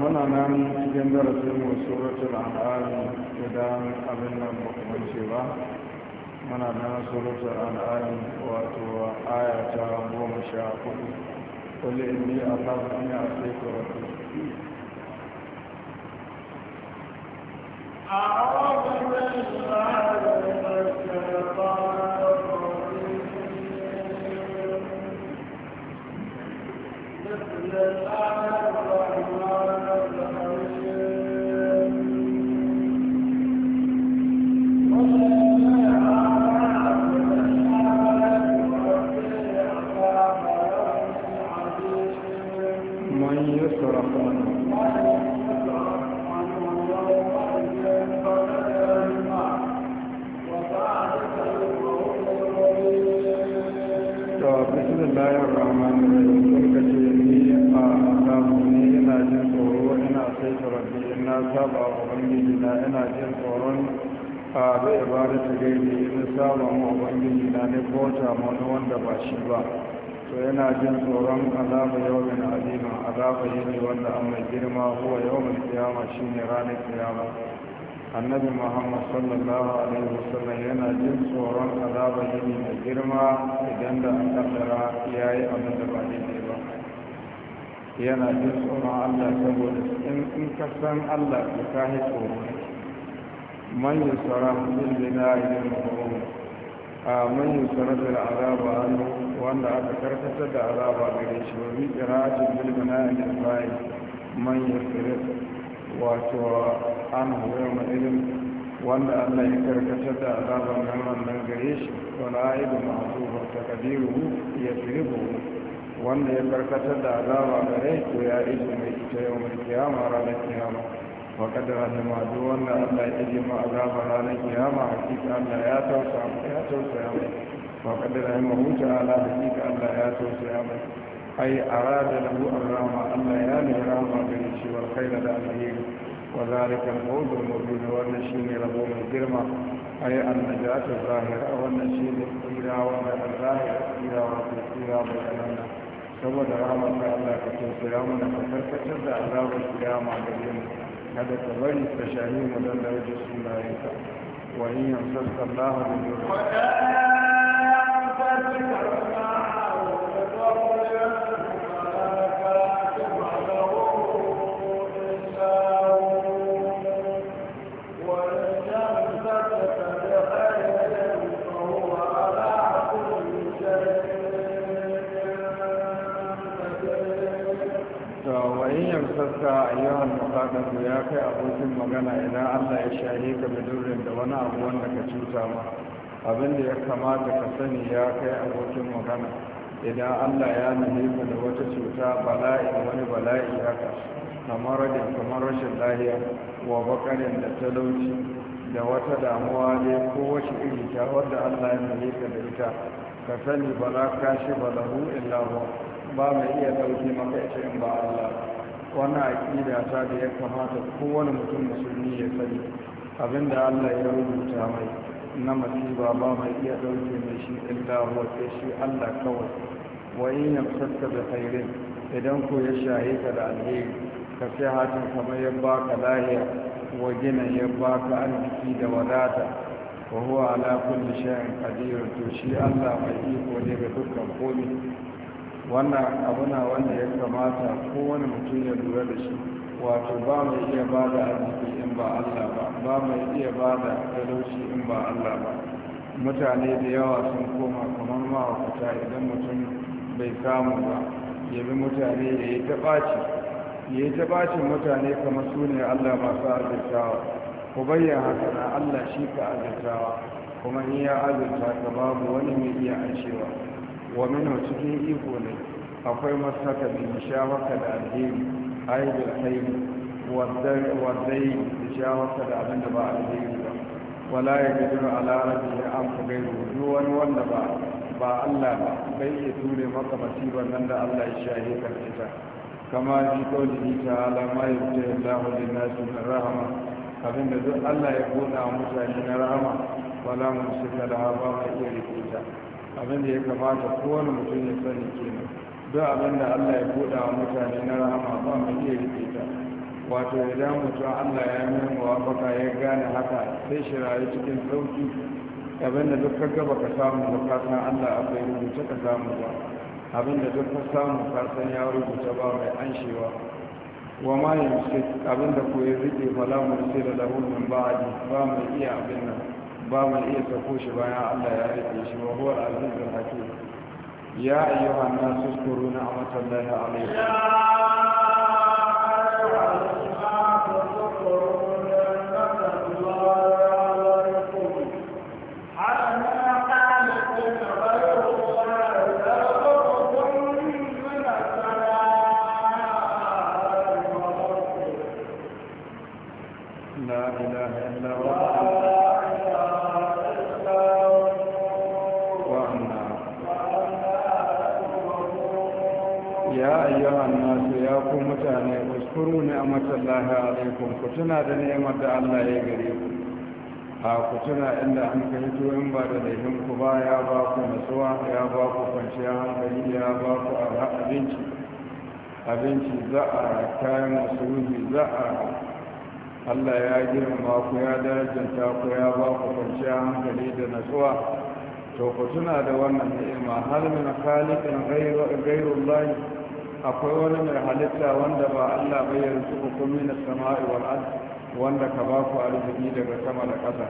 muna nan cikin darasin mu suratul al'alam idan abin nan ba ce ba muna nan suratul al'alam wato aya ta goma sha hudu kulli inni akhafu an ya'tiku rabbi أعوذ بالله a da ibadata gaini in samun mu ubangiji na ne bauta mana wanda ba shi ba to yana jin tsoron azaba yawmin azima azaba ne wanda an mai girma huwa yawmin kiyama shine ranar kiyama annabi muhammad sallallahu alaihi wasallam yana jin tsoron azaba yini mai girma idan da an kaddara yi abin da ba ne ba yana jin tsoron allah saboda in ka san allah ka kahi tsoro من يصرف للبناء للمقوم من يصرف العذاب عنه وأن أتكركت العذاب عليه وفي قراءة بالبناء للغاية من يصرف وتوى عنه يوم إذن وأن الله يكركت العذاب من من غريش ونائب معصوب تقديره يصرفه وأن يكركت العذاب عليه ويعيد من يوم القيامة على القيامة faƙada da madu wanda allah ya ji ma azaba ranar kiyama hakika allah ya tausa ya tausaya mai faƙada da yamma huta ala hakika allah ya tausaya mai ai arada lahu arrama allah ya ne rama gare shi wal da alheri wa zalika al-fawz al-mubin rabo mai girma ai an-najat az-zahira wannan shine tsira wanda al-zahira tsira wanda tsira mai kanana saboda ramar da Allah ka tausaya mana ka karkatar da azabar kiyama gare mu حدث غير التجاريم لا يجلس ما ينفع وإن يمسك الله بالجرس haɗaku ya kai abokin magana idan allah ya shahe ka bidurin da wani abu wanda ka cuta ma abin da ya kamata ka sani ya kai abokin magana idan allah ya nuhe ka da wata cuta bala'i wani bala'i ya ka kamar rajin kamar rashin lahiya wa bakarin da talauci da wata damuwa ne kowace iri ta wadda allah ya nuhe ka da ita ka sani bala kashi balahu illa ba mai iya ɗauki maka ita in ba allah wannan aƙida ta da ya kamata kowane mutum musulmi ya sani abinda Allah ya rubuta mai na masiba ba mai iya ɗauke mai shi illa wa shi Allah kawai wa in yamsaka da khairin idan ko ya shahe ka da alheri ka sai hatin kamar ya ka lahiya wa gina ya ka arziki da wadata wa huwa ala kulli shay'in qadir to shi Allah mai iko ne ga dukkan komai wannan abu na wanda ya kamata kowane mutum ya lura da shi wato ba mai iya ba da arziki in ba allah ba ba mai iya ba da talauci in ba allah ba mutane da yawa sun koma kamar ma'aikata idan mutum bai samu ba ya bi mutane da ya yi ce ya yi ce mutane kamar su ne allah masu arzikawa ku bayyana haka na allah shi ka arzikawa kuma in ya azurta ka babu wani mai iya anshewa wa minhu cikin iko ne akwai masaka bi shawaka da alheri aidil khayr wa dai da shawaka da abin da ba alheri ba wala ya a ala rabbi an ku gairu duk wani wanda ba ba Allah ba bai ya ture maka masibar nan da Allah ya shahe ka ita kama ji kawai ta'ala ma ya Allahu lin nasi na rahama da duk Allah ya buɗa mutane na rahama wala mun suka da ba mai iya rikuta abin da ya kamata kowane mutum ya sani kenan duk abin da allah ya buɗa wa mutane na rahama ba mu iya rike ta wato idan mutum allah ya wa baka ya gane haka sai shi rayu cikin sauki abin da duk ka gaba ka samu ba ka san allah akwai rubuce ka samu ba abin da duk ka samu ka san ya rubuce ba mai anshewa wa ma yi abin da ko ya rike fala da lahu min ba'di ba mai iya abin nan ba mu iya sako shi bayan Allah ya rike shi wa huwa al-azizul hakim ya ayyuhan nasu kuru na amatan lahi alaikum zkuru ni'matar lahi alaikum ku tuna da ni'mar da Allah ya gare ku a ku tuna inda an ka hito in ba da laifin ku ba ya ba ku nutsuwa ya ba ku kwanciya hankali ya ba ku abinci abinci za a kayan masarufi za a Allah ya girma ku ya darajanta ku ya ba ku kwanciya hankali da nutsuwa to ku tuna da wannan ni'ima hal min khaliqin ghayru Allah akwai wani mai halitta wanda ba Allah bai yarsu hukumi na sama'i wal ard wanda ka ba ku arziki daga sama da ƙasa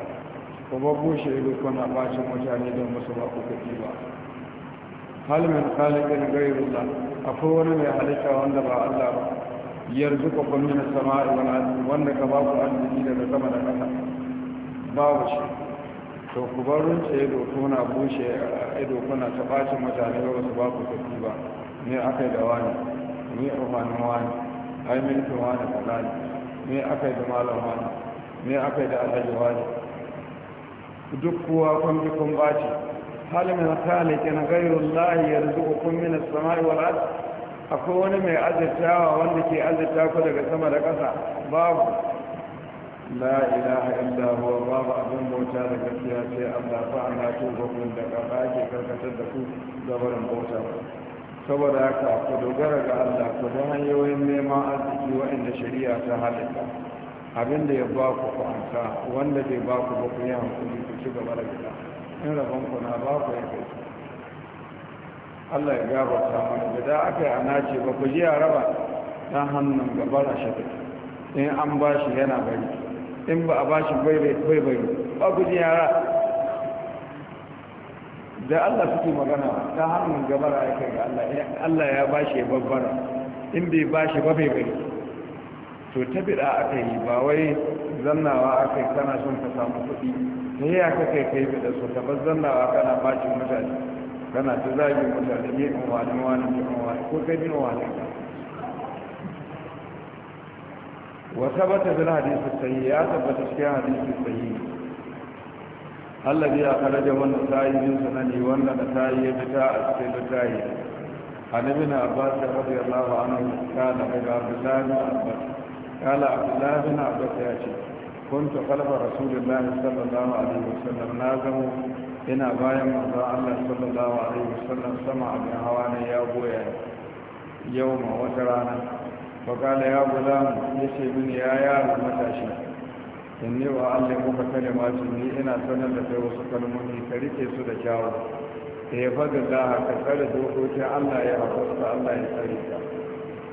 ko ba bushe ido na bacin mutane don musu ba ku kuɗi ba hal min khaliqin ghayrullah akwai wani mai halitta wanda ba Allah ba yarzu hukumi na sama'i wal ard wanda ka ba ku arziki daga sama da ƙasa ku shi to ku bar runce ido kuna bushe ido kuna ta bacin mutane ba su ba ku kuɗi ba me aka yi da wani me umarnin wani ai milkin wani kaza ne me aka yi da malam wani me aka yi da alhaji wani duk kuwa kun fi kun baci hal min gairun lahi ya rizu min as samari wa ard akwai wani mai azirtawa wanda ke azirta ku daga sama da ƙasa babu la ilaha illa huwa babu abin bauta da gaskiya sai Allah fa ana tuba kun da ƙasa ke karkatar da ku zabarin bauta saboda haka ku dogara ga Allah ku bi hanyoyin neman arziki waɗanda shari'a ta halitta abin da ya ba ku kwanta wanda bai ba ku ba ku yi hankali ku ci gaba da gida in rabon ku na ba ku ya kai Allah ya gabata mana gida aka yi ana ce ba ku ji a raba ta hannun gaba da shi in an ba shi yana bari in ba a ba shi bai bai bai ba ku ji yara da Allah suke magana ta hannun gabara ya kai ga Allah Allah ya shi babbara in bai bashi ba bai bai to ta bida aka yi ba wai zannawa aka yi kana son ka samu kuɗi ta yi aka kai kai da so ta ba zannawa kana bacin mutane kana ta zagi mutane ne in wani wani ne in wani ko kai bin wani ka wata bata bin hadisi sahihi ya tabbata cikin hadisi sahihi Allah ya kharaja wannan tayi min sanani wanda da tayi ya fita a cikin tayi annabi na abbas radiyallahu anhu kana daga abdullah bin abbas kala abdullah bin abbas ya ce kuntu qalba rasulullah sallallahu alaihi wasallam na zamo ina bayan manzo Allah sallallahu alaihi wasallam sama abin hawa ne ya goya yau ma wata rana fa kala ya gulam yace mini ya yaro matashi in ne wa allah muka kalimatu ni ina sanar da kai wasu kalmomi ka rike su da kyawu eh, ka yi fadin laha ka tsare dokokin allah ya haƙusta allah ya tsare ta.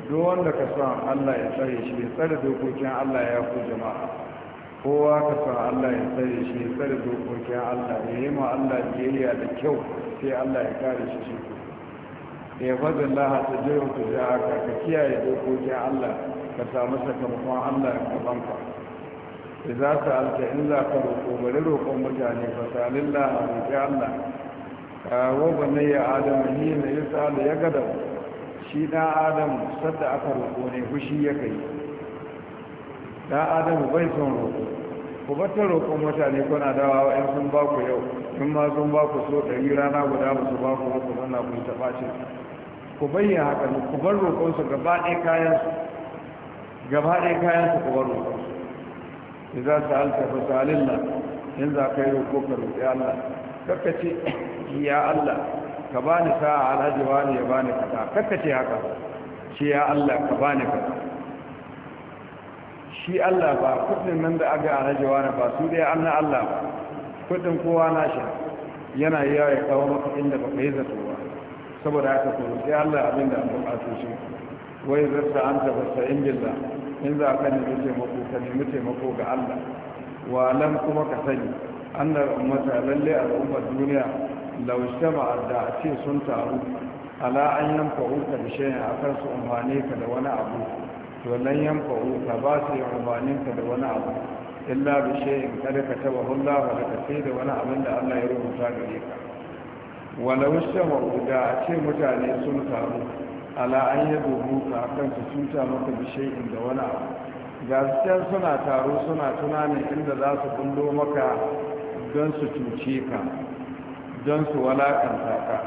duk wanda ka sa allah ya tsare shi ya tsare dokokin allah ya ku jama'a kowa ka sa allah ya tsare shi ya tsare dokokin allah ya yi ma allah biyayya da kyau sai allah ya kare shi shi ya eh, fadin laha ta jirin ku haka, ka kiyaye dokokin allah ka samu sakamakon allah ka banka idza sa'alta in za ka roƙo bari roƙon mutane fa salillah a roƙi Allah wa bunayya adam ni ne tsada ya gada shi na adam sadda aka roƙo ne fushi ya kai Na adam bai son roƙo ku bata roƙon mutane kuna dawa in sun ba ku yau in ma sun ba ku so ɗari rana guda ba su ba ku ba ku zanna ku ta ɓacin ku bayyana haka ku bar roƙonsu gaba ɗaya kayan su gaba ɗaya kayan su ku bar roƙonsu za idza sa'alta fasalillah in za ka yi roƙo ka roƙi Allah kaka ce ya Allah ka bani sa'a alhaji wani ya bani kaza kaka ce haka ce ya Allah ka bani kaza shi Allah ba kudin nan da aga alhaji wani ba su dai an na Allah ba kudin kowa na shi yana yawa ya kawo maka inda ba ka yi zato ba saboda haka ko rufe Allah abinda an buƙatu shi wai zarta an tafasta in billah in za ka nemi taimako ka nemi taimako ga Allah wa lam kuma ka sani annar ummata lalle al'ummar duniya Laushe istama'a da a ce sun taru ala an yanfa'uka da shay'in kan su umarni ka da wani abu to lan yanfa'uka ba su yi umarnin ka da wani abu illa bi shay'in kada ka taba Allah wa ka sai da wani abin da Allah ya rubuta gare ka walau istama'u da a ce mutane sun taru ala an yi dubu a kan su cuta maka bishayin da wani abu gaskiyar suna taro suna tunanin inda za su kundo maka don su cuce ka don su walakanta ka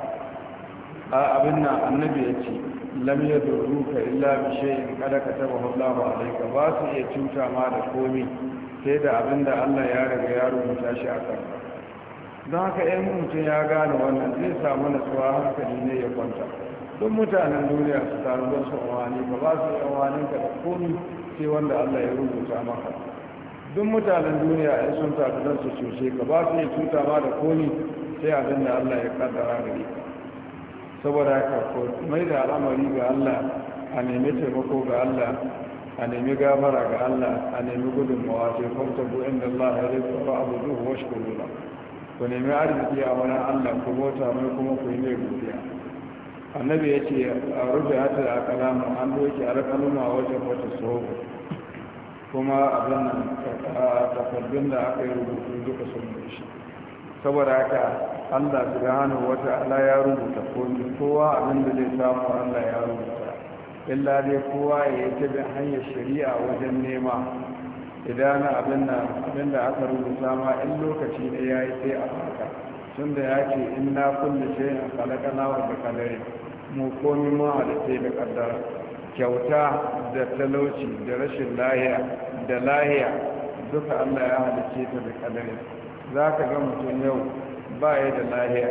a abin nan annabi ya ce lam ya ka illa bishayin kada ka taba hullahu alaika ba su iya cuta ma da komi sai da abin da allah ya riga ya rubuta shi a kanka don haka 'yan mutum ya gane wannan zai samu nasuwa hankali ne ya kwanta duk mutanen duniya su taru don su amfani ba ba su amfanin ka da komi sai wanda Allah ya rubuta maka duk mutanen duniya ya sun taru don su cuce ka ba su yi cuta ba da komi sai abin da Allah ya kaddara gare ka saboda haka ko mai da al'amari ga Allah a nemi taimako ga Allah a nemi gafara ga Allah a nemi gudunmawa ce kwanta bu'in da Allah ya rai ba abu duhu wasu ku nemi arziki a wani Allah ku bauta mai kuma ku yi mai godiya annabi ya ce a rufe hatar a kalama an doke a rakaluma wajen wata tsoho kuma abin a takardun da aka yi rubutu duka sun shi saboda haka allah su gano wata ala ya rubuta ne kowa abin da zai samu allah ya rubuta illa dai kowa ya yi tabi hanyar shari'a wajen nema idan abin da aka rubuta ma in lokaci ne ya yi sai a farka tun da ya ce in na kulle shi a kalakana wa da mu komi mu halitta da kaddara kyauta da talauci da rashin lahiya da lahiya duka Allah ya halice ta da kadari za ka ga mutum yau ba ya da lahiya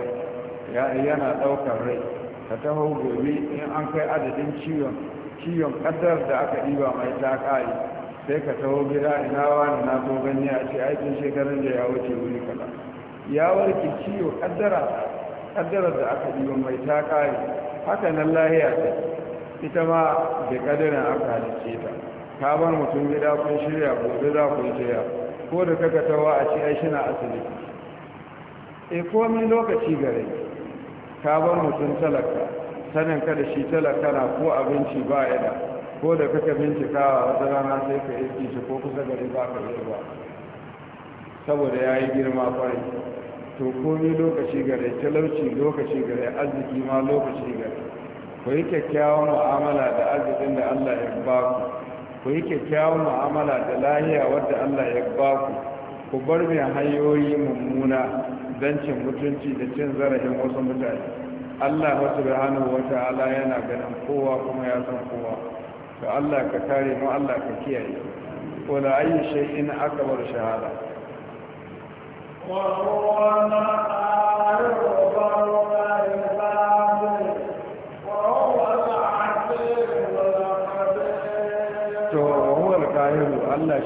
yana ɗaukar rai ka taho gobe in an kai adadin ciwon ciwon kaddar da aka diba mai ta sai ka taho gida ina wani na zo ganye a ce aikin shekarun da ya wuce wuri kaɗa. ya warke ciwo kaddara da aka ɗiba mai ta haka nan lahiya ta ita ma da kadirin aka halicce ta ka bar mutum gida kun shirya gobe za ku shirya ko da kaka tawa a ce ai shina asibiti e eh, komai lokaci gare ka bar mutum talaka sanin kada shi talaka na ko abinci ba ya da ko da kaka bincika wata rana sai ka yi shi ko kusa gari ba ka ba saboda ya yi girma kwarai to komi lokaci gare talauci lokaci gare arziki ma lokaci gare ku yi kyakkyawan mu'amala da arzikin da Allah ya ba ku ku yi kyakkyawan mu'amala da lahiya wadda Allah ya ba ku ku bar mai hanyoyi mummuna don mutunci da cin zarafin wasu mutane Allah wasu subhanahu wa ta'ala yana ganin kowa kuma ya san kowa to Allah ka kare mu Allah ka kiyaye wala ayyu shay'in akbar shahada Allah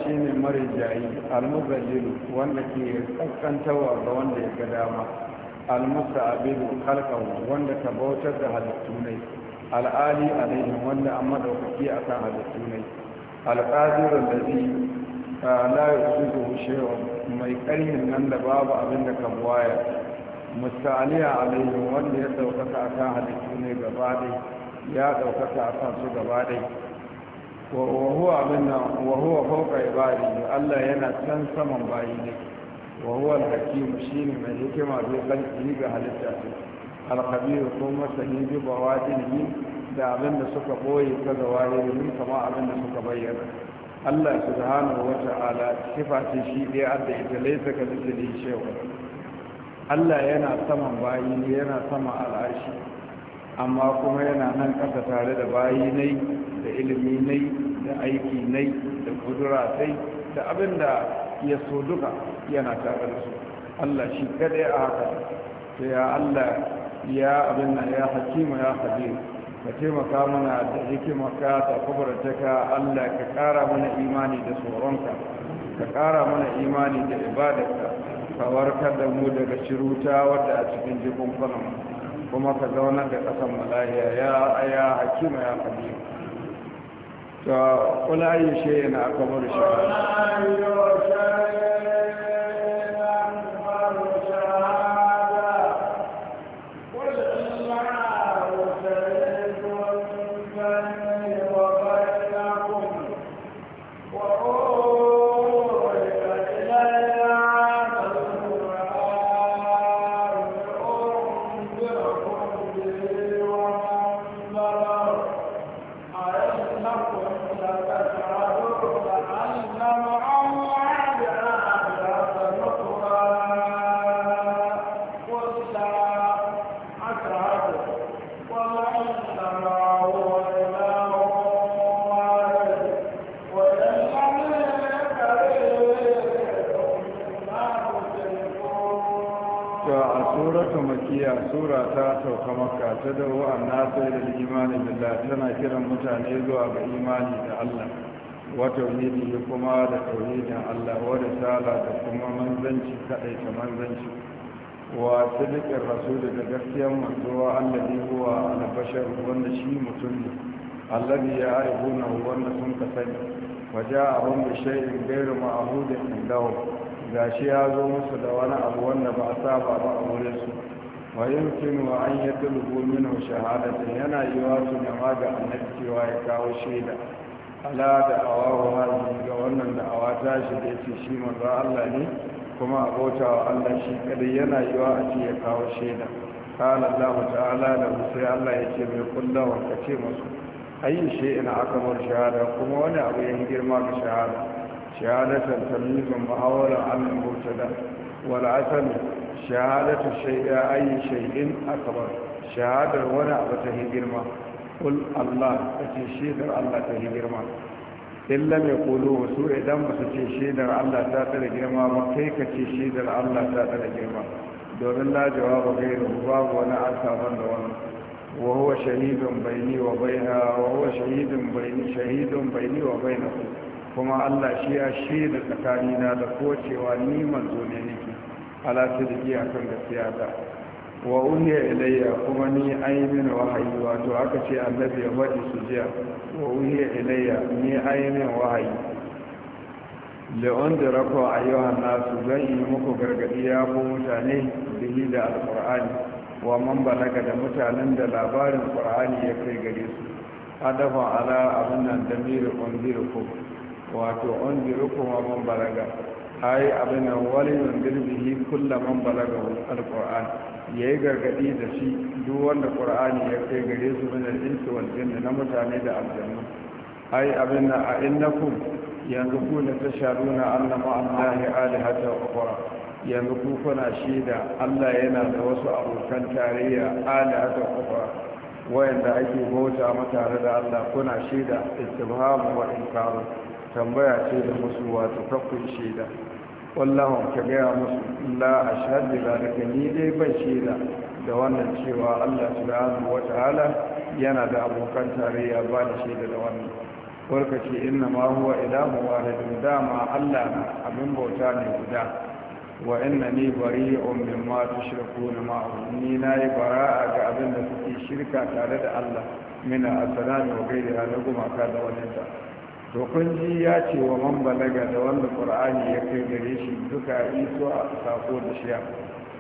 shi ne marijayi almuzajilu wanda ke kaskantawa ga wanda ya ga dama almusa abidu halkahu wanda ta bautar da halittu ne al'ali alaihim wanda an madaukaki akan halittu ne alƙadirun da zai la yuzuhu shay'un mai karnin nan da babu abin da kan waya Musaliya alaihi wanda ya daukaka akan halittu ne gaba dai ya daukaka akan su gaba dai wa huwa abin nan wa huwa fawqa ibadi Allah yana can saman bayi ne wahuwa huwa al-hakim shine mai hikima da kalli ga halitta su khabir ko masani bi bawadin da abin da suka boye ka zawahiri kama abin da suka bayyana Allah subhanahu wata ta'ala sifa ce shi ɗaya adda ita laisa ka misali cewa. Allah yana saman bayi ne yana sama al'ashi amma kuma yana nan ƙasa tare da bayi ne da ilimi ne da aiki ne da kudura sai da abin da ya so duka yana tare da su Allah shi kaɗai a haka ta ya Allah ya abin ya hakima ya hadiru ka taimaka mana da hikimarka da kuburataka Allah ka ƙara mana imani da tsoronka ka ƙara mana imani da ibadarka ka warkar da mu daga shiruta wadda a cikin jikunkunan kuma ka zaunar da ƙasan malaya ya aya hakima ya kabiru ta kula shayi na akabar shahada da manzanci wa daga gaskiya da gaskiyar manzo da huwa na bashar wanda shi mutum ne Allabi ya arifuna wanda sun ka sani waja ahun bi shay'in da ma'hudin ga gashi ya zo musu da wani abu wanda ba a saba ba a wurin su wa yumkin wa an tulubu minhu shahadatan yana wa su nema ga annabi ya kawo shaida ala da awa awawa ga wannan da awa tashi da ce shi manzo Allah ne kuma a bauta wa Allah shi kadai yana yi a ya kawo shaida kala Allah wa ta'ala da sai Allah ya ce mai kulla wa ka ce musu ayin shahada kuma wani abu ya girma ga shahada shahada ta tamizun ma'awara annan bauta da wal asali shahada ta shaida ayin shi in shahadar wani abu ta girma kul Allah ka ce shaidar Allah ta girma illa mai kolo su idan ba su ce shaidar allah ta tsada girma ba kai ka ce shaidar allah ta tsada girma domin la jawaba gairu babu wani ansa ban da wani Wahuwa shahidun baini wa baina wa shahidun baini shahidun baini wa baina kuma allah shi ya shaida tsakanina da ko cewa ni manzo ne nake ala sidiki akan gaskiya ta wa uhiya ilayya kuma ni ayi yi wahayi wato aka ce annabi ya faɗi su jiya wa uhiya ilayya ni ayi min wahayi leon da rako a yawan nasu zan yi muku gargaɗi ya ku mutane da yi da alƙur'ani wa man balaga da mutanen da labarin ƙur'ani ya kai gare su hadafa ala abin nan da miri ƙundirukum wato ƙundirukum wa man balaga ai abin nan wali kulla bihi kullu man balaga alquran yayi gargadi da shi duk wanda ƙur'ani ya kai gare su min al-insi wal na mutane da aljanu. ai abin nan a ku yanzu ku ne tasharuna annama allahi alihata ukhra yanzu ku kuna da Allah yana da wasu abokan tarayya alihata ukhra wayanda ake bauta mata da Allah kuna shi shaida istibham wa inkar tambaya ce da musu wato kakkun shaida wallahu ka gaya musu la a shaɗi zalika ni dai ban shaida da wannan cewa allah subhanahu wa ta'ala yana da abokan tarayya ba da shaida da wannan warka ce inna ma huwa ilahu wahidun dama allah na abin bauta ne guda wa inna ni bari'un mimma tushrikuna ma. ni nayi bara'a ga abin da suke shirka tare da allah mina asanami wa gairi na gumaka da waninta to kun ji ya ce wa man balaga da wanda qur'ani ya kai gare shi duka iso a sako da shiya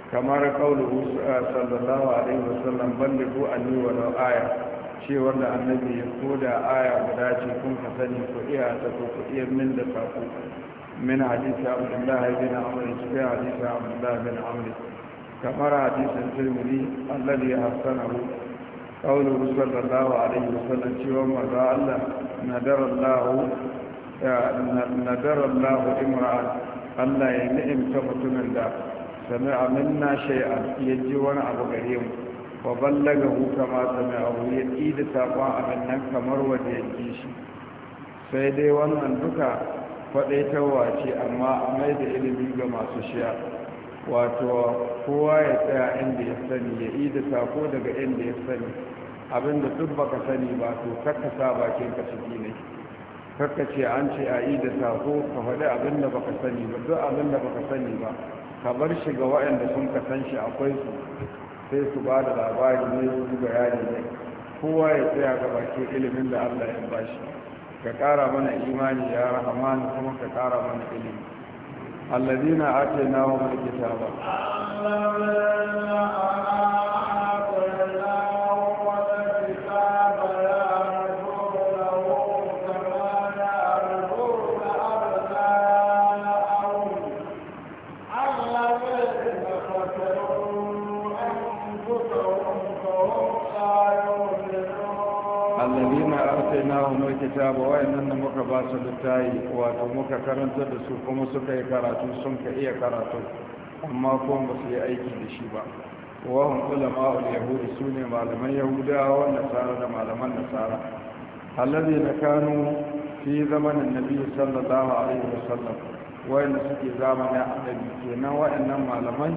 kamar kaulu eh, sallallahu alaihi wasallam ko anni wa law aya cewar da annabi ya koda aya guda ce kun ka sani ku iya ta ko ku iya min da sako min hadisi abdullahi bin amr shi hadisi abdullahi bin amr kamar hadisin tirmidhi alladhi hasanahu qawluhu sallallahu alaihi wasallam ciwon manzo Allah nadar Allah nadar Allah imra'an Allah ya ni'imta mutumin da sami'a minna shay'an yaji wani abu gare mu wa ballagahu kama sami'ahu ya ida saƙon abin nan kamar wanda ya ji shi sai dai wannan duka faɗaitarwa ce amma a mai da ilimi ga masu shiya wato kowa ya tsaya inda ya sani ya ida sako daga inda ya sani abinda duk baka sani ba to karkasa bakin ka ciki ne karkace an ce a yi da sako ka faɗi abinda baka sani ba duk abinda baka sani ba ka bar shi ga waɗanda sun ka san shi akwai su sai su ba da labari ne su yari ne kowa ya tsaya ga bakin ilimin da Allah ya bashi ka ƙara mana imani ya rahamani kuma ka ƙara mana ilimi الذين آتيناهم الكتاب ba su littayi wato muka karanta da su kuma suka yi karatu sun ka iya karatu amma kuma ba su yi aiki da shi ba wahun ulama al-yahudi su ne malaman yahudawa nasara da malaman nasara allazi na kanu fi zamanin nabi sallallahu alaihi wasallam wayanda suke zamanin annabi kenan wayannan malamai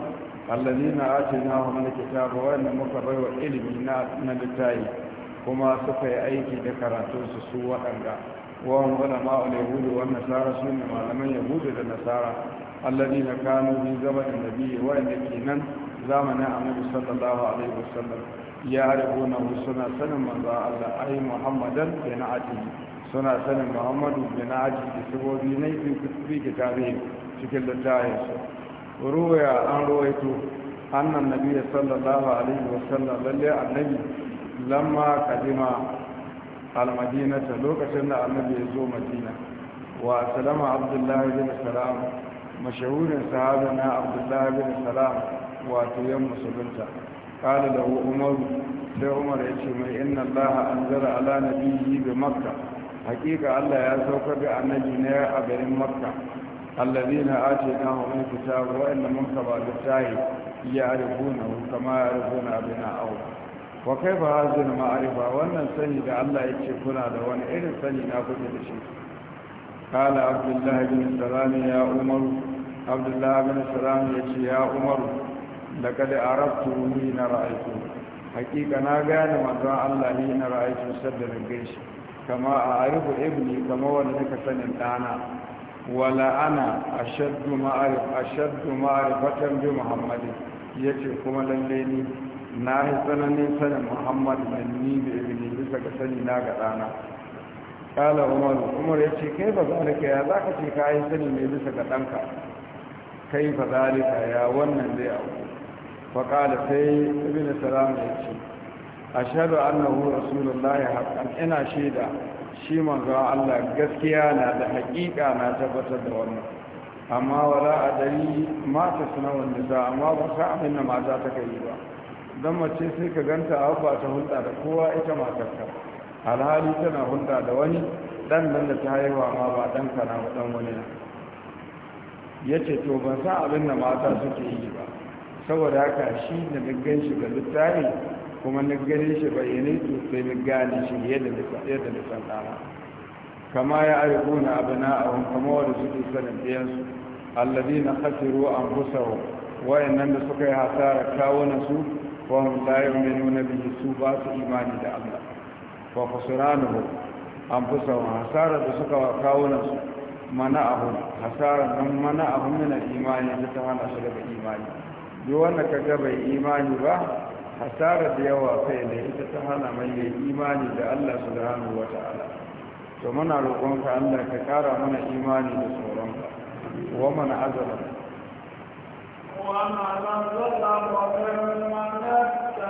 allazi na atina wa malaka kitaba wayanda muka wa ilimi na na kuma suka yi aiki da karatunsu su waɗanda وهم علماء اليهود والنصارى سنة معلمان يهود والنصارى الذين كانوا في زمن النبي وإن كينا زمن النبي صلى الله عليه وسلم يعرفونه سنة سنة من الله أي محمدا بنعته سنة سنة محمد بنعته سبو بيني في كتابه شكل الجاهز روي عن رويته أن النبي صلى الله عليه وسلم للي النبي لما قدم almadinata lokacin da annabi ya zo madina wa salama abdullahi bin salam mashahurin sahaba na abdullahi bin salam wato yan musulunta kala da umar sai umar ya ce mai inna allaha anzara ala nabiyyi bi makka hakika allah ya saukar da annabi ne a garin makka الذين آتيناهم الكتاب وإن منكب بالتاهي ya كما يعرفون أبناءهم wa kai ba hazin ma'arifa wannan sani da allah ya ce kuna da wani irin sani na kuke da shi kala abdullahi bin salami ya umaru abdullahi bin salami ya ce ya umaru da kada arabtu ni na ra'aiku hakika na gane manzon allah ni na ra'aiku sadda na gaishe kama a arifu ibni kama wanda nika sanin ɗana wala ana ashaddu ma'arif ashaddu ma'arifatan bi muhammadin yace kuma lalle ni na yi tsananin sanin muhammad manni da ibini bisa ga sani na ga ɗana kala umar umar ya ce kai ba zalika ya za ka ce ka yi sani mai bisa ga ɗanka kai ba da kaya wannan zai abu faƙada sai ibini salam ya ce a shaɗu annahu layi haƙan ina shaida shi manzo Allah gaskiya na da haƙiƙa na tabbatar da wannan amma wala a dari mata suna wanda za amma ba sa abin da mata ta kai ba don mace sai ka ganta a ba ta hulɗa da kowa ita matarka alhali tana hulɗa da wani ɗan nan da ta haihuwa ma ba ɗan kana ba ɗan wani na ya ce to ban san abin da mata suke yi ba saboda haka shi da niggan shi ga littafi kuma gane shi bayyane to sai gane shi yadda nisan ɗana kama ya aikuna abina a kama wanda suke sanin ɗiyansu allazi na khasiru an kusa wa'annan da suka yi hasara kawunan su وهم لا يؤمنون به سوبات إيمان دا الله وخسرانه أنفسهم حسارة سكا وكاونا مناعه حسارة من مناعه من الإيمان يتهان أشرف إيمان يوانا كجب إيمان با حسارة يوا فإنه يتهان من الإيمان دا الله سبحانه وتعالى ومن رقمك أن تكار من إيمان بسورك ومن عزلك ومن عزلك ومن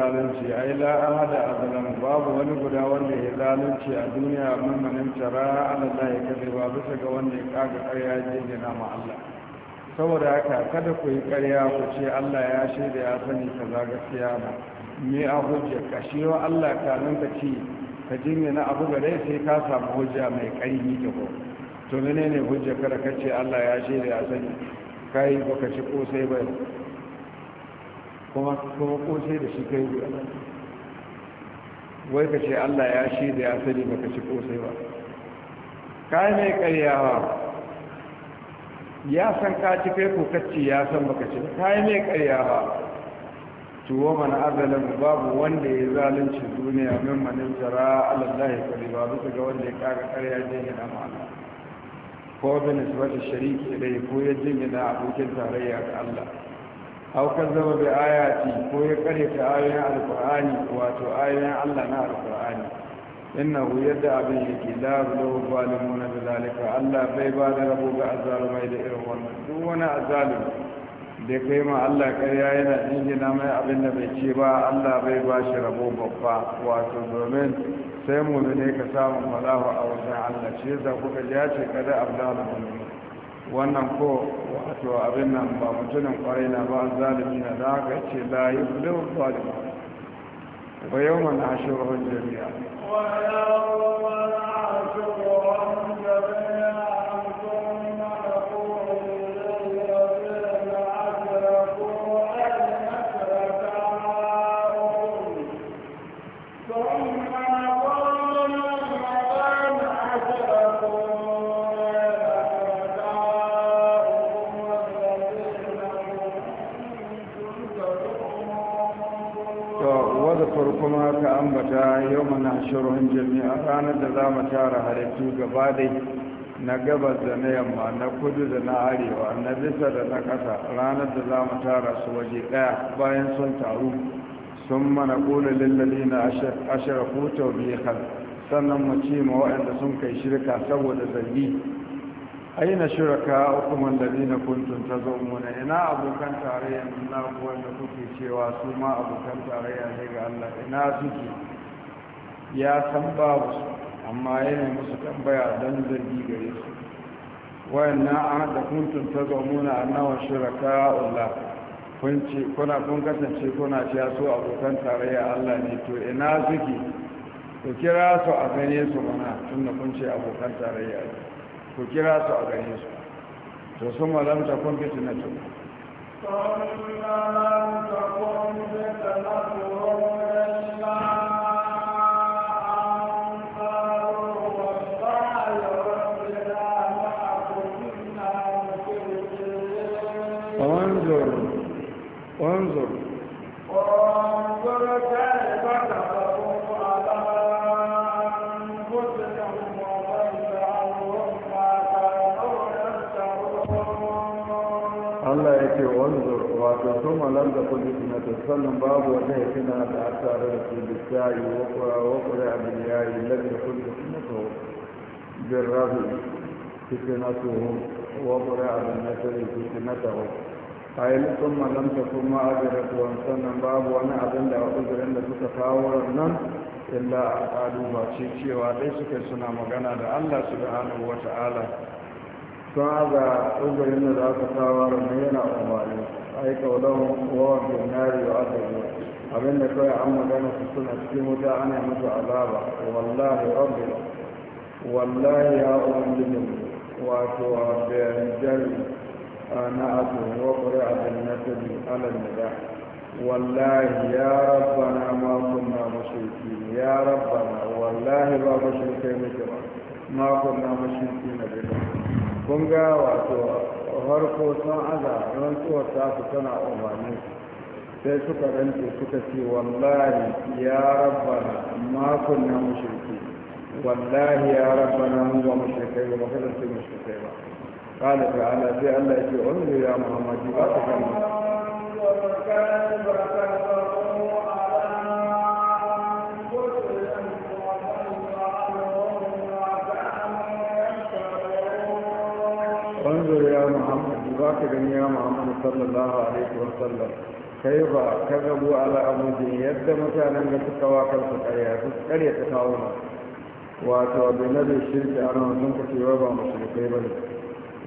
zalunci ai la ahada azlam babu wani guda wanda ya zalunci a duniya mamanin tara Allah ya kabe ba bisa ga wanda ya kaga ƙarya jingina ma Allah saboda haka kada ku yi ƙarya ku ce Allah ya shaida ya sani kaza gaskiya ba me a hujja ka shiwa Allah nan ka ci ka jingina abu dai sai ka samu hujja mai ƙarfi da ko to menene hujja kada ka ce Allah ya shaida ya sani kai baka ci ko sai bai kuma kuma kosai da shi kai guda wai ka ce allah ya shi da ya sani baka ci kosai ba yi mai karyawa ya san ka ci kai ko kacce, ya san baka ci kai mai karyawa tuwo mana azalin babu wanda ya zalunci duniya min manin jara alallahi ba su ga wanda ya kaga karya jingina ma'ana ko bin isbati shariki ilai ko ya na abokin tarayya ga allah aukar zama da ayati ko ya karyata ayoyin alkur'ani wato ayoyin allah na alkur'ani innahu yadda abin yake la bulu zalimuna da zalika allah bai ba da rabo ga azzalumai da irin wannan duk wani azzalumi da kai ma allah karya yana jingina mai abin da bai ce ba allah bai ba shi rabo babba wato domin sai mu ne ka samu falahu a wajen allah shi yasa kuka ji ya ce kada abdalu wannan ko wato abin nan ba mutumin kwarai na ba zalimi na da aka ce da yi kulewar zalimi wa yau mana ashirar jami'a ta yau mana shirin jami'a ranar da za mu tara halittu gaba dai na gabas da na yamma na kudu da na arewa na bisa da na ƙasa ranar da za mu tara su waje ɗaya bayan sun taru sun mana ƙula lallali na ashirafu taubihar sannan mu ce ma waɗanda sun kai shirka saboda zargi aina shirka hukumar na kuntun ta na, ina abokan tarayya na da kuke cewa su ma abokan tarayya ne ga allah ina suke ya san babu su amma yana musu tambaya don zargi gare su wayanna an da kuntun ta zaumuna annawa shuraka Allah kun ce kuna kun kasance kuna cewa su abokan tarayya Allah ne to ina suke ku kira su a gane su mana tun da kun ce abokan tarayya ku kira su a gane su to sun malamta kun fitinatu ثم لم تكن فتنة انظر وانظر الله يكي وانظر وتصوم لم تكن فتنة السلم باب وجهه كما تأثر في بالشاي وقرع بالياء لم يكن فتنته بالرغم فتنته وقرع بالنسل فتنته fa'il sun malamta kuma aziratuwan sannan babu wani abin da uzurin da suka kawo nan illa a kadu ba ce cewa dai suka suna magana da allah su ga'anu wata'ala sun aza uzurin da za su kawo nan yana umarni aika wadon wawan nari wa yi abin da kawai an magana su suna cikin wuta ana musu azaba wallahi rabbi wallahi ya umarni wato a bayan jari نعت وقرأت النسب على النباح والله يا ربنا ما كنا مشركين يا ربنا والله ما مشركين مجرى ما كنا مشركين بنا kun ga wato harko sun aza rantsuwar tasu tana umarni sai suka rantse suka ce wallahi ya rabbana ma kunna mushriki wallahi ya rabbana mun ga mushrikai ba kasance mushrikai ba قال تعالى في الله يقول يا محمد لا تكلم انظر يا محمد ذاك يا محمد صلى الله عليه وسلم كيف كذبوا على أبوهم يد مثلا لتقوى في القريه تقاومة واتوا بنبي الشرك أنا وزنك في وضع مشركي بلد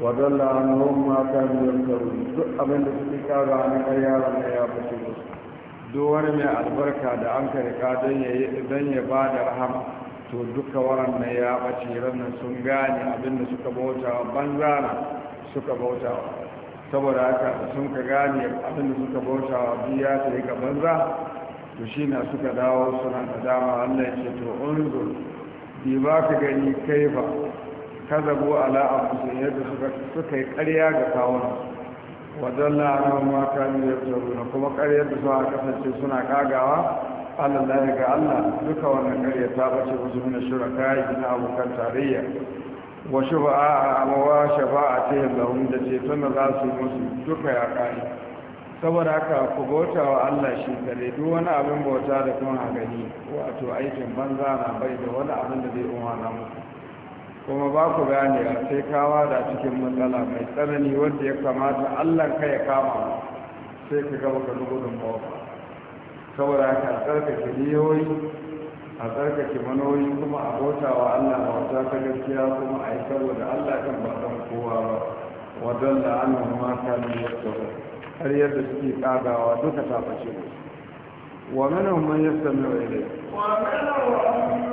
وضل عنهم ما كانوا يمكرون duk abin da suke kara na yaron ne ya fice musu duk wani mai albarka da an karka don ya ba da rahama to duka na ya ɓace ranar sun gane abin da suka bauta banza na suka bauta saboda haka sun ka gane abin da suka bauta biya ta yi ka banza to shi na suka dawo suna da dama allah ya ce to unzur bi ba ka gani kai ba kazabu ala abu anfusihim yadda suka yi karya ga kawunan wadalla anhum ma kanu yaftaruna kuma karyar da suka kasance suna kagawa Allah ga Allah duka wannan ƙarya ta bace musu min shuraka na abokan tarayya wa shufa'a amawa shafa'atihim lahum da ce, da za su musu duka ya ƙare saboda haka ku bauta wa Allah shi kare duk wani abin bauta da kuma gani wato aikin banza na bai da wani abin da zai umarna muku kuma ba ku gane a sai kawa da cikin matsala mai tsanani wanda ya kamata allah ka ya kama sai ka gaba ka gudun bawa saboda haka a tsarkake liyoyi a tsarkake manoyi kuma a bautawa allah bauta ta gaskiya kuma a yi saboda allah kan ba san kowa ba wajen da an ne ya yadda har yadda suke kagawa duka ta fashe wa minhum man yastami'u ilayk wa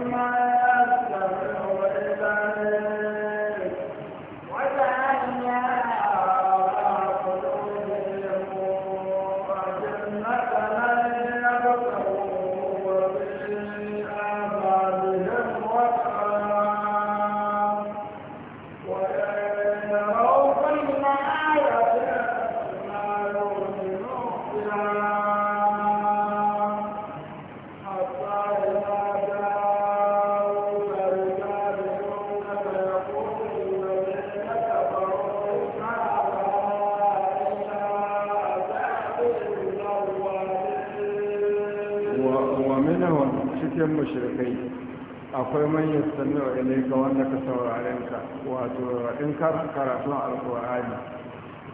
akwai manyan a ilai ga wanda ka sauraren ka wato in ka karatun alkur'ani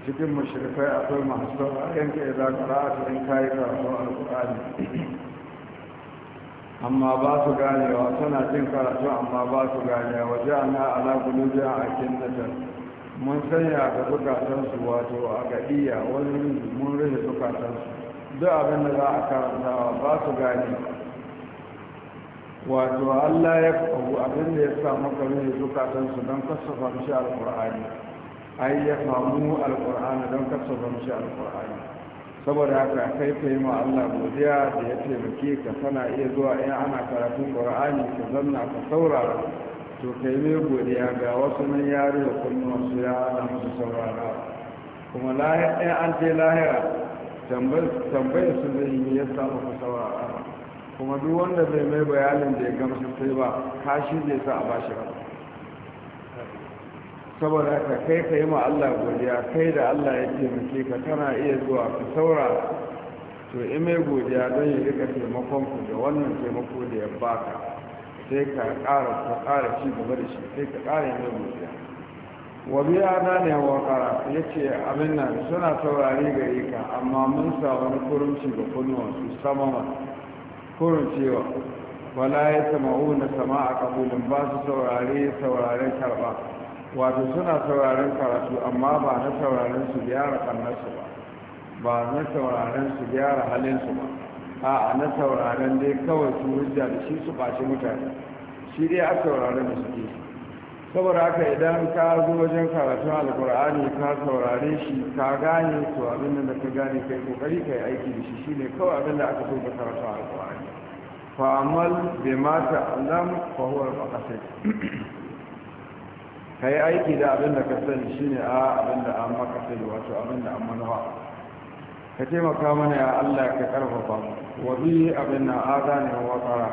cikin mashirkai akwai masu sauraren ka idan karatu in ka yi karatun alkur'ani amma ba su ganewa suna cin karatu amma ba su ganewa waje ana ala gulubi a da ta. mun sanya ga bukatansu wato a gaɗiya wani mun rufe bukatansu duk abin da za a karantawa ba su ganewa wato Allah ya fahu abin da ya sa maka rufe zukatansu don kasafa mishi alƙur'ani ai ya famu alƙur'ani don kasafa mishi alƙur'ani saboda haka kai ka ma Allah godiya da ya taimake ka sana iya zuwa in ana karatun ƙur'ani ka zanna ka saurara to ka yi mai godiya ga wasu nan yare da kullum su ya hana musu saurara kuma in an je lahira tambayar su zai yi ya samu ku saurara kuma duk wanda zai mai bayanin da ya gamsu sai ba kashi zai sa a bashi ba saboda ka kai ka yi ma Allah godiya kai da Allah ya taimake ka tana iya zuwa ka saura to in mai godiya don yi rika taimakon ku da wannan taimako da ya baka sai ka ƙara ka ƙara ci gaba da shi sai ka ƙara mai godiya wa biya na ne wa ƙara ya ce abin nan suna saurari gare ka amma mun sa wani ga ga su sama kurin cewa wala ya sama'u na sama a kabulin ba su saurare sauraren karba wato suna sauraren karatu amma ba na sauraren su gyara kannarsu ba ba na sauraren su gyara halinsu ba a na sauraren dai kawai su hujja da shi su ɓaci mutane shi dai a sauraren da suke saboda haka idan ka zo wajen karatun alkur'ani ka saurare shi ka gane to abin da ka gane kai kokari kai aiki da shi shine kawai abin da aka so ka karatun alkur'ani فعمل بما mata فهو المقصد kai ka yi aiki da abin da ka sani shi ne a abin da an da wato abin da an manuwa ka taimaka mana ya allah ka karfafa wa biyu abin na wa watsara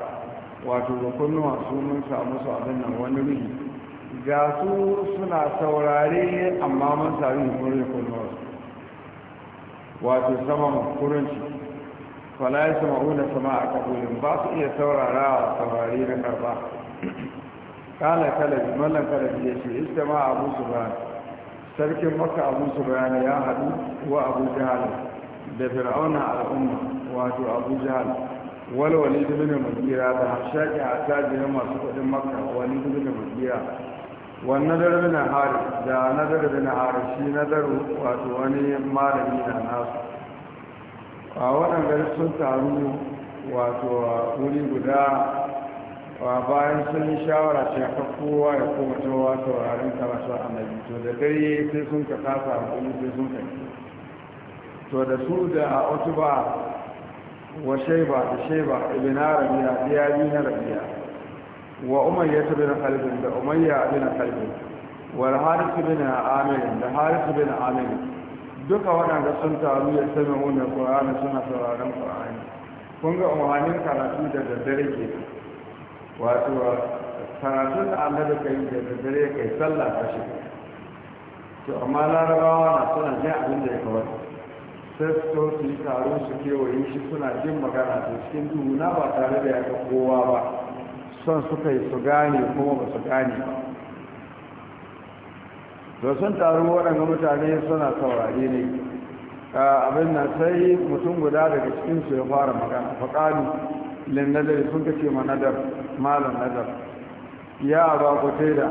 wato da kunnuwa su mun samu su abin nan wani ruhi ga su suna saurare amma mun sami kurin kunnuwa wato saman kurinci فلا يسمعون سماع قبول بعض إلا إيه سورة لا صوارين كربا قال كلب من لم كلب يشي استماع أبو سفيان سرك مكة أبو سفيان يا حبي وأبو جهل جهال بفرعون على أمة واتو أبو جهال والوليد بن المدير هذا حشاك عساج يوم سقوط مكة وليد بن المدير والنذر بن حارث ذا نذر من حارس نذر واتو أني مال من الناس a waɗanda sun taru wato wuri guda wa bayan sun yi shawara ce a kowa ya koma cewa saurarin karatun annabi to da dare sai sun ka kasa kuma sai sun kai to da su da a ba wa shaiba da shaiba ibn rabiya ya bi na rabiya wa umayya bin halibin da umayya bin halibin wa harith bin amir da harisu bin amirin duka waɗanda sun taru ya sami wunan ƙura'ani suna sauraron ƙura'ani kun ga umarnin karatu da daddare ke wato karatun da annabi kai da daddare kai sallah ta shi to amma larabawa na suna jin abin da ya kawar sai su to su yi taro su kewaye shi suna jin magana to cikin duhu na ba tare da ya ga kowa ba son suka yi su gane kuma ba su gane ba to sun taru waɗanda mutane suna saurari ne abin nan sai mutum guda daga cikinsu ya fara magana faƙalu lin sun kace ma nadar malam nadar ya ba ku taida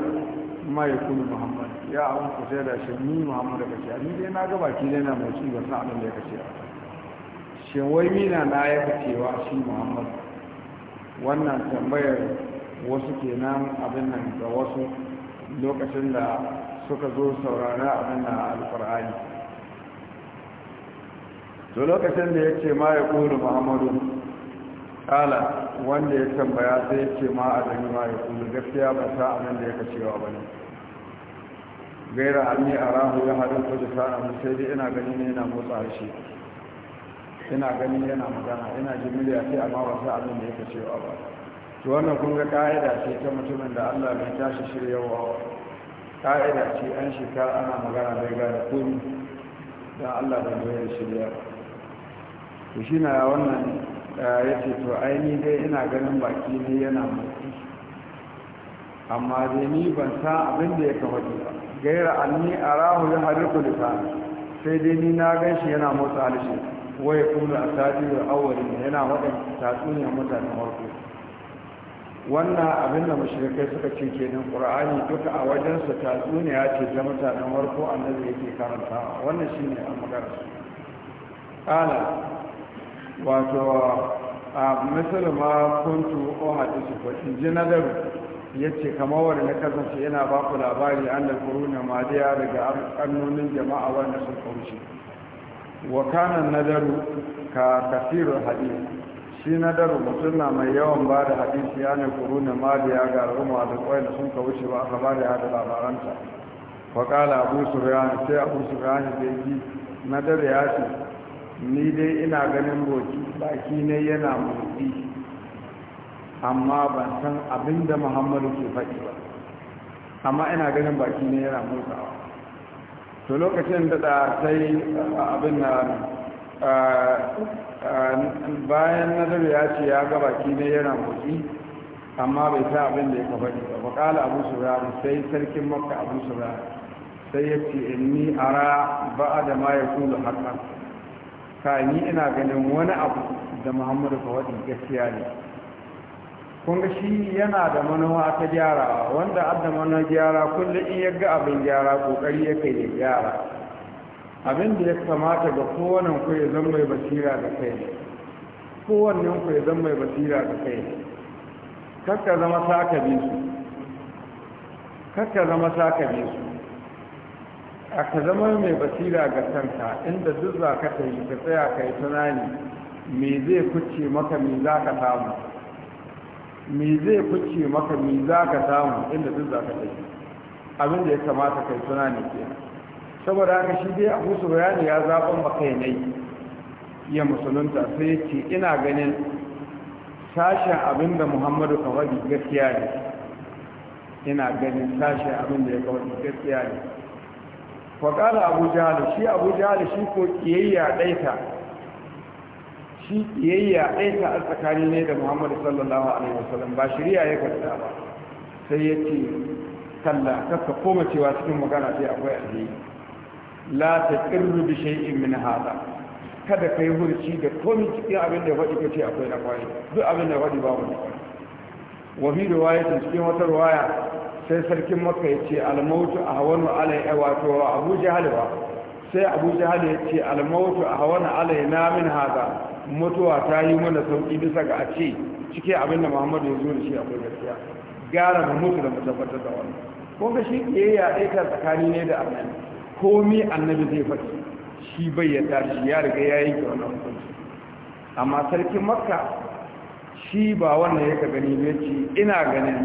mai kunu muhammad ya abin ku taida shi ni muhammad da ce ni dai na gaba ki dai na motsi ba san abin da ya kace shi wai mina na ya kacewa shi muhammad wannan tambayar wasu kenan abin nan ga wasu lokacin da suka zo saurara a wannan alkur'ani to lokacin da ya ce ma ya ƙuri muhammadu ƙala wanda ya tambaya sai ya ce ma a zani ma ya ƙuri gaskiya ba sa abin da ya kacewa ba ne gaira hannu a rahu ya da kudu sa'an sai dai ina ganin yana motsa harshe ina gani yana magana ina ji sai amma ba sa abin da ya kacewa ba to wannan kun ga ka'ida ce ta mutumin da allah mai tashi shiryawa ka'ida ce an shekara ana magana bai gane komi don allah da mai da shirya ku shi na wannan ya ce to aini dai ina ganin baki ne yana motsi amma dai ni ban san abin da ya kamata ba gaira an a arahu ya hariku lisani sai dai ni na gan shi yana motsa halishin waya kuma a sati da awalin yana waɗanda tatsuniyar mutanen farko wannan abin da mashirikai suka ce nan ƙur'ani duka a wajensa tatsuniya ce ta mutanen warko annabi yake karanta wannan shi ne a magana ƙala wato a musulma kuntu o hadisu ko in ji nadaru ya ce kamar wani na kasance yana ba ku labari an da na madiya daga annonin jama'a wanda sun shi wa kanan nadaru ka kasirin hadisi shi na daru mutum na mai yawan ba da hadisi ya ne kuru na ya gara al'umma da kwai da sun ka wuce ba aka ba da yada labaranta faƙala abu suriyani sai abu suriyani da ji na dare ya ce ni dai ina ganin boki baki ne yana motsi amma ban san abin da muhammadu ke faɗi ba amma ina ganin baki ne yana motsawa to lokacin da ta sai abin na bayan nadar ya ce ya ga baki ne yana motsi amma bai sa abin da ya kafa ne ba kala abu surari sai sarkin makka abu surari sai ya ce inni ara ba da ma ya kulu haka ka ni ina ganin wani abu da muhammadu kawai gaskiya ne kun shi yana da manowa ta gyara wanda adda manowa gyara kullum in ya ga abin gyara kokari ya kai ya gyara abin da ya kamata ga kowannen ku ya zama mai basira da kai ne kowannen ku ya zama mai basira da kai kakka zama saka bi su kakka zama saka bi su a ka zama mai basira ga kanka inda duk za ka ta yi ka tsaya ka yi tunani me zai kuce maka me za ka samu me zai kuce maka me za ka samu inda duk za ka ta yi abin da ya kamata ka yi tunani kenan saboda haka shi dai abu su bayani ya zaɓen makainai ya musulunta sai ya ce ina ganin sashen abin da muhammadu kawai gaskiya ne ina ganin sashen abin da ya kawai gaskiya ne faƙala abu jihali shi abu jihali shi ko ƙiyayya ɗaita shi ƙiyayya ɗaita a tsakani ne da muhammadu sallallahu alaihi wasallam ba shirya ya karta ba sai ya ce kalla kakka koma cewa cikin magana sai akwai alheri la ta ƙirru bi shay'in min hada kada kai hurci da komai cikin abin da faɗi kace akwai na kwaye duk abin da faɗi babu na Wani wa waye riwayatin cikin wata riwaya sai sarkin makka ya ce almautu ahwanu ya eh, wato abu jahal sai abu jahal ya ce almautu ahwanu alai na min hada mutuwa ta yi mana sauki bisa ga a ce cikin abin da muhammadu ya zo da shi akwai gaskiya gara mu mutu da mu tabbatar da wannan ko ga shi ke ya ɗaya tsakani ne da annabi komi annabi zai faɗi shi bai yadda shi ya riga ya yanke wannan hukunci amma sarkin makka shi ba wannan yaka gani ne ce ina ganin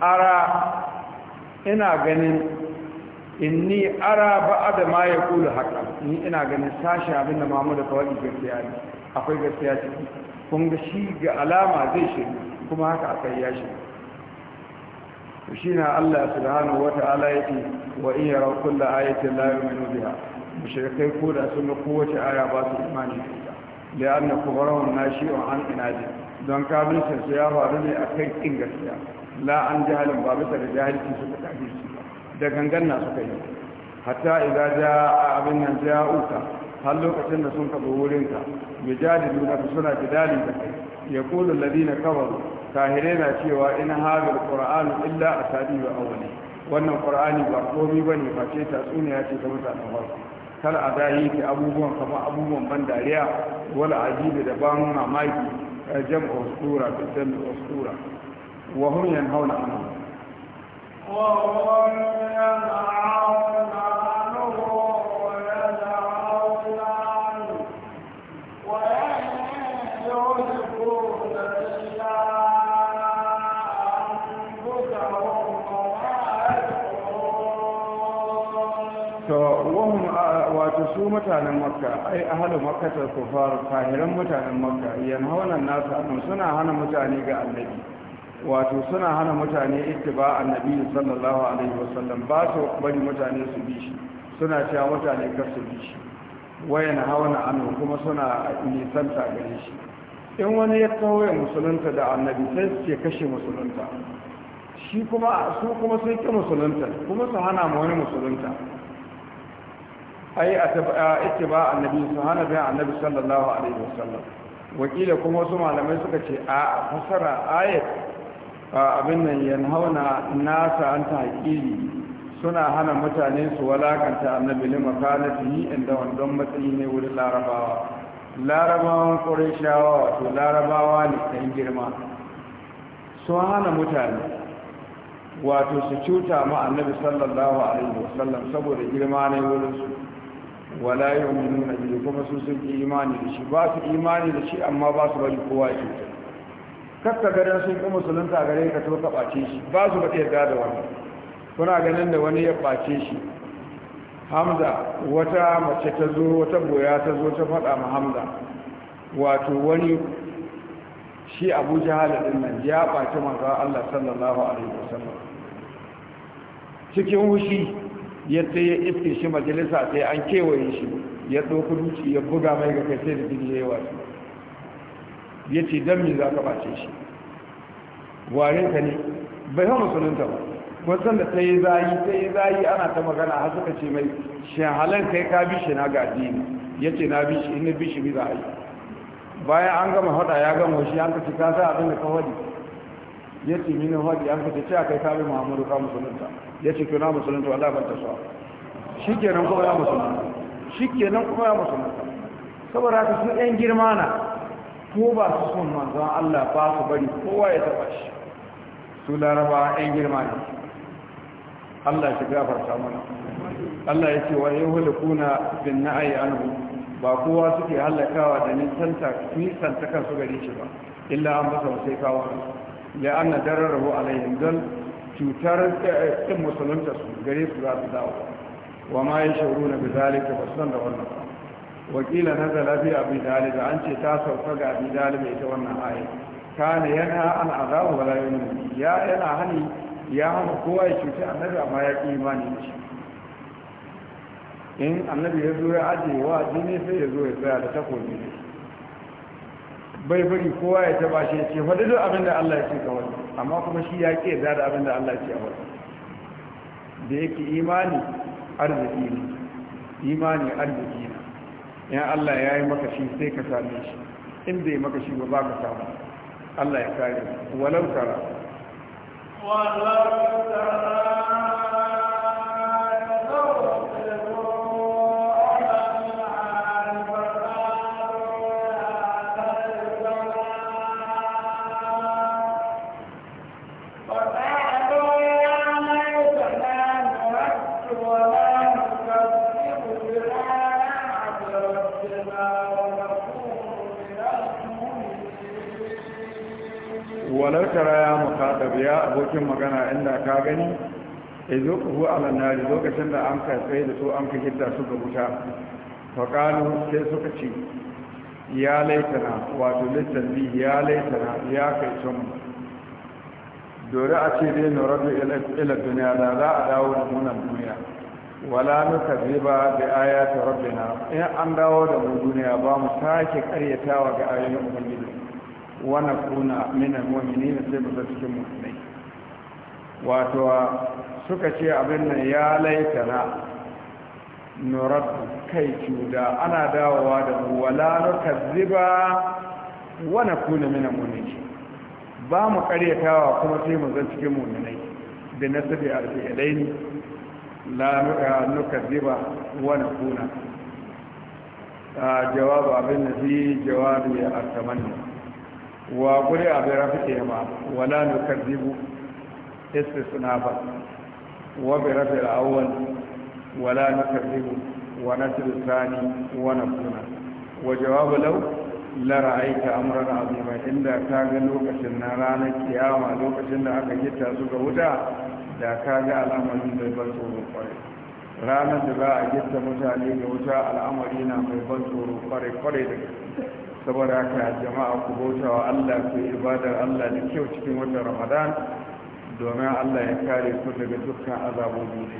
ara ina ganin inni ara ba da ya kula haka ni ina ganin sashi abin da mamu da kawai gaskiya akwai gaskiya ciki kun ga shi ga alama zai shi kuma haka aka yi ya shi shi na Allah subhanahu wa ta'ala yake wa in yara kullu ayatin la yu'minu biha mushrikai ko da sun kowace aya ba su imani da ita da na shi nashi'un an inadi don kafircin su ya faru ne kai ƙin gaskiya la an jahalin ba bisa da jahilci suka kafirci da ganganna suka yi hatta ja a abin nan ja'uka har lokacin da sun ka zo wurinka yajadiluna suna jidali da kai kula ladina kafaru tahire na cewa in hazal qur'anu illa asabiyu awali wannan qur'ani ba komi bane face ta tsuniya ce ta mutanen farko kar a dahi ke abubuwan kamar abubuwan ban dariya wala ajibi da ban mamaki eh, jam'u usura da jam'u usura wa hum yanhauna anhu wa hum yanhauna su mutanen makka ai ahalin makka ta kufar kahiran mutanen makka 'yan haunan nasu annun suna hana mutane ga annabi wato suna hana mutane ittiba annabi sallallahu alaihi wasallam ba su bari mutane su bi shi suna cewa mutane kar su bi shi wayan hauna annu kuma suna nisanta gare shi in wani ya tawaye musulunta da annabi sai suke kashe musulunta shi kuma su kuma sai musulunta kuma su hana ma wani musulunta ai a ittiba annabi su hana a annabi sallallahu alaihi wasallam wakila kuma wasu malamai suka ce a fasara ayat abin nan yanhauna nasa an tahqiri suna hana mutane su walakanta annabi lima kanatihi inda wandon matsayi ne wurin larabawa larabawan shawa wato larabawa ne ɗan girma sun hana mutane wato su cuta ma annabi sallallahu alaihi wasallam saboda girma ne wurin su. wala yau yu'minuna bihi kuma su sun yi imani da shi ba su imani da shi amma ba su bari kowa ya cuta kakka gadan sun kuma musulunta gare ka to ka bace shi ba su ba yarda da wani kuna ganin da wani ya bace shi hamza wata mace ta zo wata boya ta zo ta faɗa ma hamza wato wani shi abu jihala din nan ya bace manzo allah sallallahu alaihi wasallam cikin wushi ya ta ya iske shi majalisa sai an kewaye shi ya ɗauki duci ya buga mai ga kai sai da jini ya yi wasu ya ce don me za ka bace shi warin ka ne bai hau musulunta ba wasan da ta yi zayi ta yi zayi ana ta magana har suka ce mai shahalan kai ka bi shi na gaji ne ya ce na bi shi ina bi shi bi za a yi bayan an gama hada ya gama shi an ka ci ka sa abin da ka hadi ya ce mini hadi an fita ce a kai kabi muhammadu ka musulunta ya ce to na musulunta wallah ban ta so shikenan kuma ya musulunta shi kuma ya musulunta saboda haka su ɗan girma na ko ba su son manzon Allah ba su bari kowa ya taɓa shi su laraba ɗan girma ne Allah shi gafarta mana Allah ya ce wa yuhlikuna bin na'i anhu ba kowa suke halakawa da nisanta nisanta su gare shi ba illa an basa sai kawo da an na dararrabu alaihim don cutar ƙin eh, musulunta su gare su za su dawo wa ma yi shauru na bizalika ba san da wannan wakila na zalabi a bidali da an ce ta sauka ga bidali mai ta wannan ayi kana yana an azabu wala yumin ya yana hani ya hana kowa ya cuci annabi amma ya ƙi imani da shi in annabi ya zo ya ajiye wa jini sai ya zo ya tsaya da takobi ne bai bari kowa ya taba shi ce fa duk abin da Allah ya ce ka wani, amma kuma shi ya ke da abin da Allah ya ce wani. da yake imani arziki ne imani arziki ne in Allah ya yi maka shi sai ka same shi in bai maka shi ba ka samu Allah ya kare walau tara walau tara abokin magana inda ka gani ya eh, zo ku ala nari lokacin da an ka tsaye da su an ka su ga wuta faƙalu sai suka ce ya laitana wato littan ya laitana ya kai can dore a ce dai nurabu ila duniya da za a dawo da munan duniya wala nuka ziba da ayata rabbina in an dawo da mu duniya ba mu sake karyatawa ga ayoyin ubangiji wa nakuna minal mu'minin sai mu cikin mu'minai wato suka ce abin nan ya laitana nuratu kai cuda ana dawowa da mu wala nukazziba wa nakuna min al-mu'minin ba mu karyatawa kuma sai mu zan cikin mu'minai da nasabi al-fi'laini la wana kuna. a jawabu abin nabi jawabi al-tamanni wa qul abin rafi'a ma wala nukazzibu istisna ba wa bi rafi'il awwal wala nukazzibu wa nasru thani wa nakuna wa jawabu law la ra'aita amran azima inda ka ga lokacin na ranar kiyama lokacin da aka gita su ga wuta da ka ga al'amarin da ban tsoro ranar da za a gita mutane ga wuta al'amari na mai ban tsoro kwarai kwarai saboda haka jama'a ku bautawa Allah ku ibadar Allah da kyau cikin watan Ramadan domin allah ya kare ku daga dukkan azabobi ne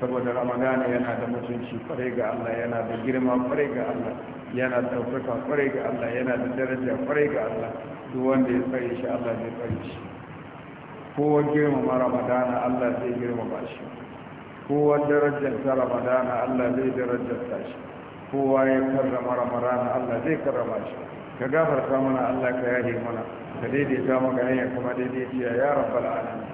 saboda ramadana yana da mutunci kwarai ga allah yana da girma kwarai ga allah yana da ɗaukaka kwarai ga allah yana da daraja kwarai ga allah duk wanda ya tsare shi allah zai tsare shi kowa girmama ramadana allah zai girmama shi kowa ta ramadana allah zai darajar ta shi kowa ya karrama ramadana allah zai karrama shi ka gafarta mana allah ka yahe mana ka daidaita maka hanyar kuma daidaiciya ya rabbal alamin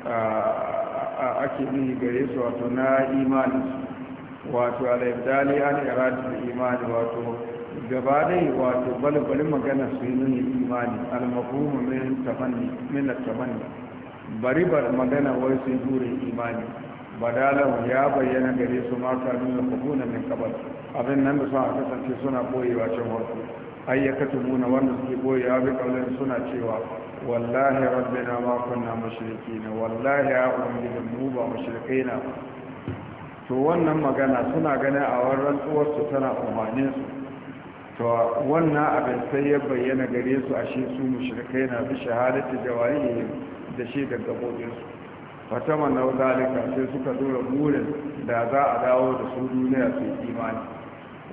ake nihi gare su wato na imani wato alaibdali an iradi imani wato gaba dai wato balbalin magana su yi nuni imani almakumu min na min tamanni bari bar magana wai su jure imani badalahu ya bayyana gare su mata nuna da kubuna min kabar abin nan da sun haka kasance suna koyewa can wasu. ayyakatu nuna wanda suke koyewa bi kaulin suna cewa wallahi rabbina ma kunna mushrikina wallahi ya ubangiji mu ba mushrikaina ba to wannan magana suna ganin a wannan su tana umarnin to wannan abin sai ya bayyana gare su shi su mushrikaina bi shahadati jawarihi da shi da gabobin su fatama na zalika sai suka dora burin da za a dawo da su duniya su imani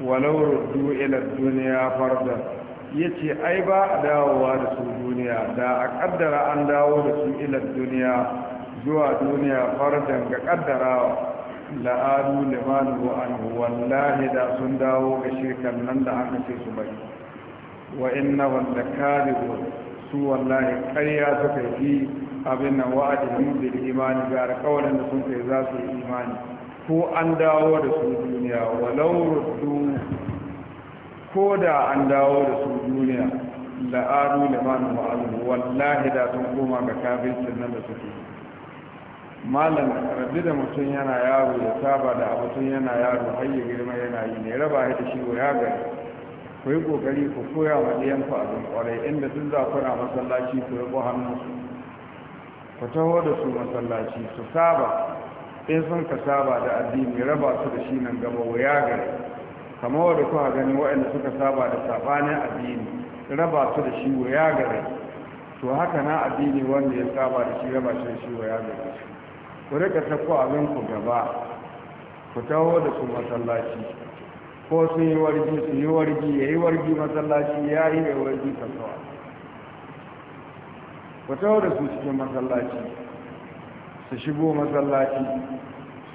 walau ruddu ila duniya fardan ya ce ai ba a dawowa da su duniya da a kaddara an dawo da su ilar duniya zuwa duniya fardan ga kaddara la'adu limanu anhu wallahi da sun dawo ga shirkan nan da aka ce su bari wa inna wanda karibu su wallahi karya suka yi abin nan wa'adin bil imani ga alƙawarin da sun kai za su yi imani ko an dawo da su duniya walau ruddu ko da an dawo da su duniya la'adu da manu ma'azu wallahi da sun koma ga kafin nan da suke malam rabbi da mutum yana yaro ya saba da abu yana yaro har ya girma yana yi ne raba ya da shi ya gari ku yi kokari ku koya wa ɗiyan abin kwarai inda sun za ku na masallaci ku rabo hannunsu ku taho da su masallaci su saba in sun ka saba da addini raba su da shi nan gaba wa ya gari kamar wadda kuka gani waɗanda suka saba da sabanin addini raba su da shi ya gare to haka na addini wanda ya saba da shi raba shi da shi ya gare shi ku rika sako abin ku gaba ku taho da su masallaci ko sun yi wargi su yi wargi ya yi wargi masallaci ya yi ya wargi kasuwa ku taho da su cikin masallaci su shigo masallaci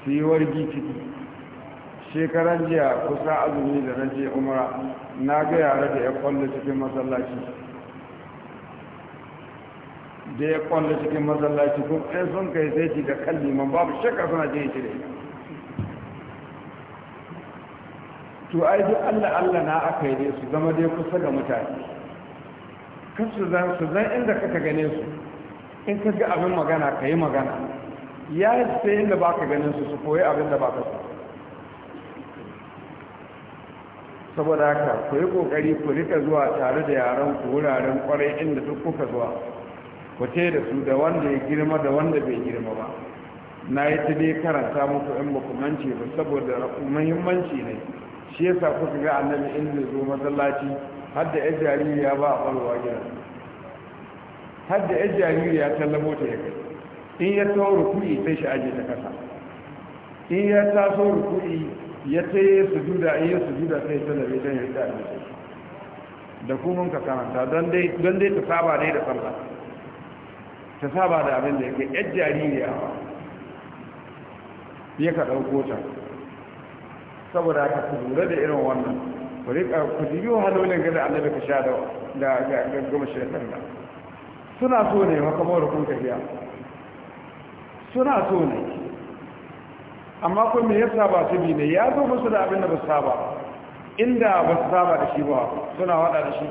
su yi wargi ciki shekaran jiya kusa azumi da na je umara na ga yara da ya kwallo cikin masallaci da ya kwallo cikin masallaci ko ɗaya sun kai sai ci da kalli man babu shakka suna je shi dai to ai duk allah allah na aka yi dai su zama dai kusa ga mutane kan zan su zan inda kaka gane su in ka ga abin magana ka yi magana ya yi sai inda ba ka ganin su su koyi abin da ba ka so saboda haka ku yi kokari ku rika zuwa tare da yaran ku wuraren kwarai inda duk kuka zuwa ku ce da su da wanda ya girma da wanda bai girma ba na yi ta dai karanta muku in baku mance ba saboda muhimmanci ne shi yasa kuka ga annabi in da zo masallaci har da yan ya ba a ɓarwa gida har da yan ya ta mota ya kai in ya tawo kuɗi sai shi aje ta kasa in ya taso rukuni ya ta yi sujuda a yi sujuda sai ta don ya rika abin da kuma ka karanta don dai ta saba dai da sallah ta saba da abin da yake yar jaririya ba ya ka ɗauko ta saboda ka ku lura da irin wannan ku rika ku dibi wahalolin gada annabi ka sha da gama shekar da suna so ne makamar kun tafiya suna so ne amma kuma me yasa ba su bi ne ya zo musu da abin da ba saba inda ba su saba da shi ba suna wada da shi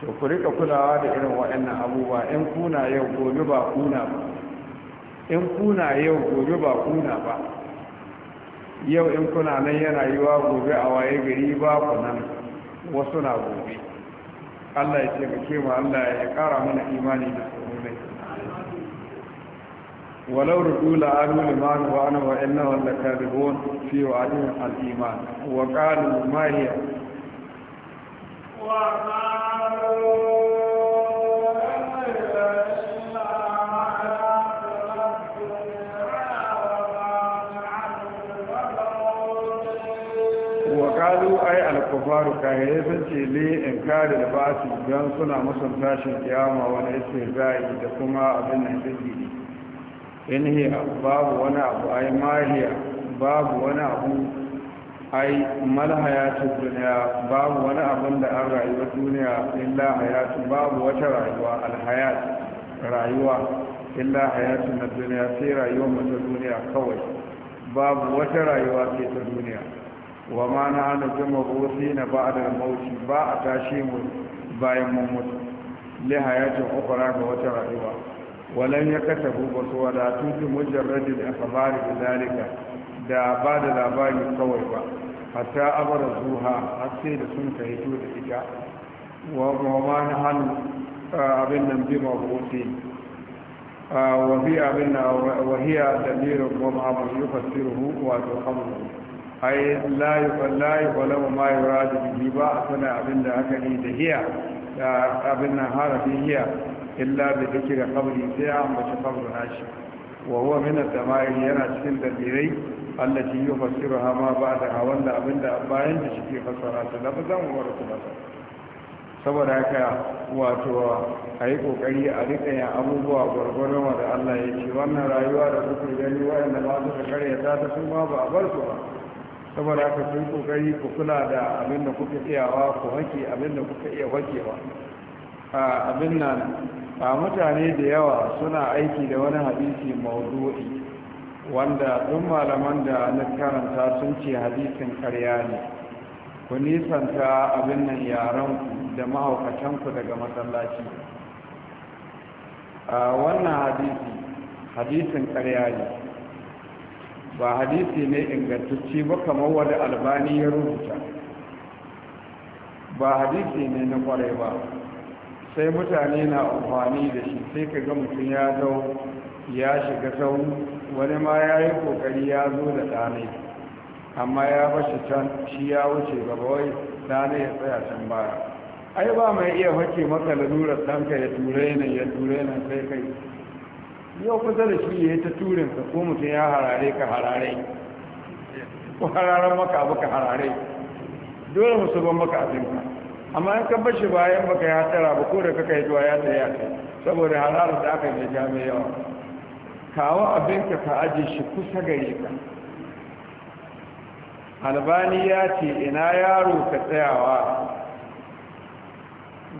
to ku rika kulawa da irin waɗannan abubuwa in kuna yau gobe ba kuna ba in kuna yau gobe ba kuna ba yau in kuna nan yana wa gobe a waye gari ba ku nan wasu na gobe Allah ya ce ka kema Allah ya kara mana imani da tsoronai ولو ردوا لعنوا لمن وانا وانهم لكاذبون في وعدهم الايمان وقالوا ما هي وقالوا kalu ai alkufaru kayaye sun ce le in kare da basu don suna musun tashin kiyama wani istihza'i da kuma abin nan sirri in hiya babu wani abu ai mahiya babu wani abu ai malhayatun duniya babu wani abun da an rayuwa duniya illa Hayatu. babu wata rayuwa alhayat rayuwa illa Hayatu na duniya sai rayuwa mata duniya kawai babu wata rayuwa ce ta duniya wa ma na hana jama bosi na ba da mauci ba a tashe mu bayan mun mutu le hayatun ukura ga wata rayuwa walan ya kasafu ba su wadatu fi mujarradin akhbari bi zalika da ba da labari kawai ba hatta abara zuha har sai da sun ka da ita wa ma na hannu abin nan bi mabuti wa bi abin na wahiya damirin goma abu yufassiruhu wato a abin da aka yi da hiya da abin hiya illa da bi da qabri sai ya ambaci qabru nashi wa huwa min ad-dama'ir yana cikin dalirai allati yufassiruha ma ba'daha wanda abinda bayan da shi ke fassara ta lafazan wa rutubata saboda haka wato a yi kokari a rika yin abubuwa gwargwaron da Allah ya ce wannan rayuwa da kuke gani wayanda ma suka karyata ta su ma ba a bar su ba saboda haka kun kokari ku kula da abin da kuka iyawa ku hake abin da kuka iya hakewa abin nan a mutane da yawa suna aiki da wani hadisi maudu'i wanda duk malaman da na karanta sun ce hadisin karya ne ku nisanta abin nan yaranku da mahaukatanku daga masallaci a wannan hadisi hadisin karya ne ba hadisi ne ingantacci ba kamar wadda albani ya rubuta ba hadisi ne na kwarai ba sai mutane na amfani da shi sai ka ga mutum ya zau ya shiga sau wani ma ya yi kokari ya zo da ɗanai amma ya bashi can shi ya wuce gaba wai ɗanai ya tsaya can baya ai ba mai iya hake maka lalurar ɗanka ya ture nan ya ture nan sai kai yau kusa da shi ya yi ta turinsa ko mutum ya harare ka harare ko hararen maka abu ka harare dole musu ban maka abinka amma in ka bayan baka ya tsara ba ko da kaka yi ya tsaya saboda halalar da aka yi ja yawa kawo abinka ka aje shi kusa gare ka albani ya ce ina yaro ka tsayawa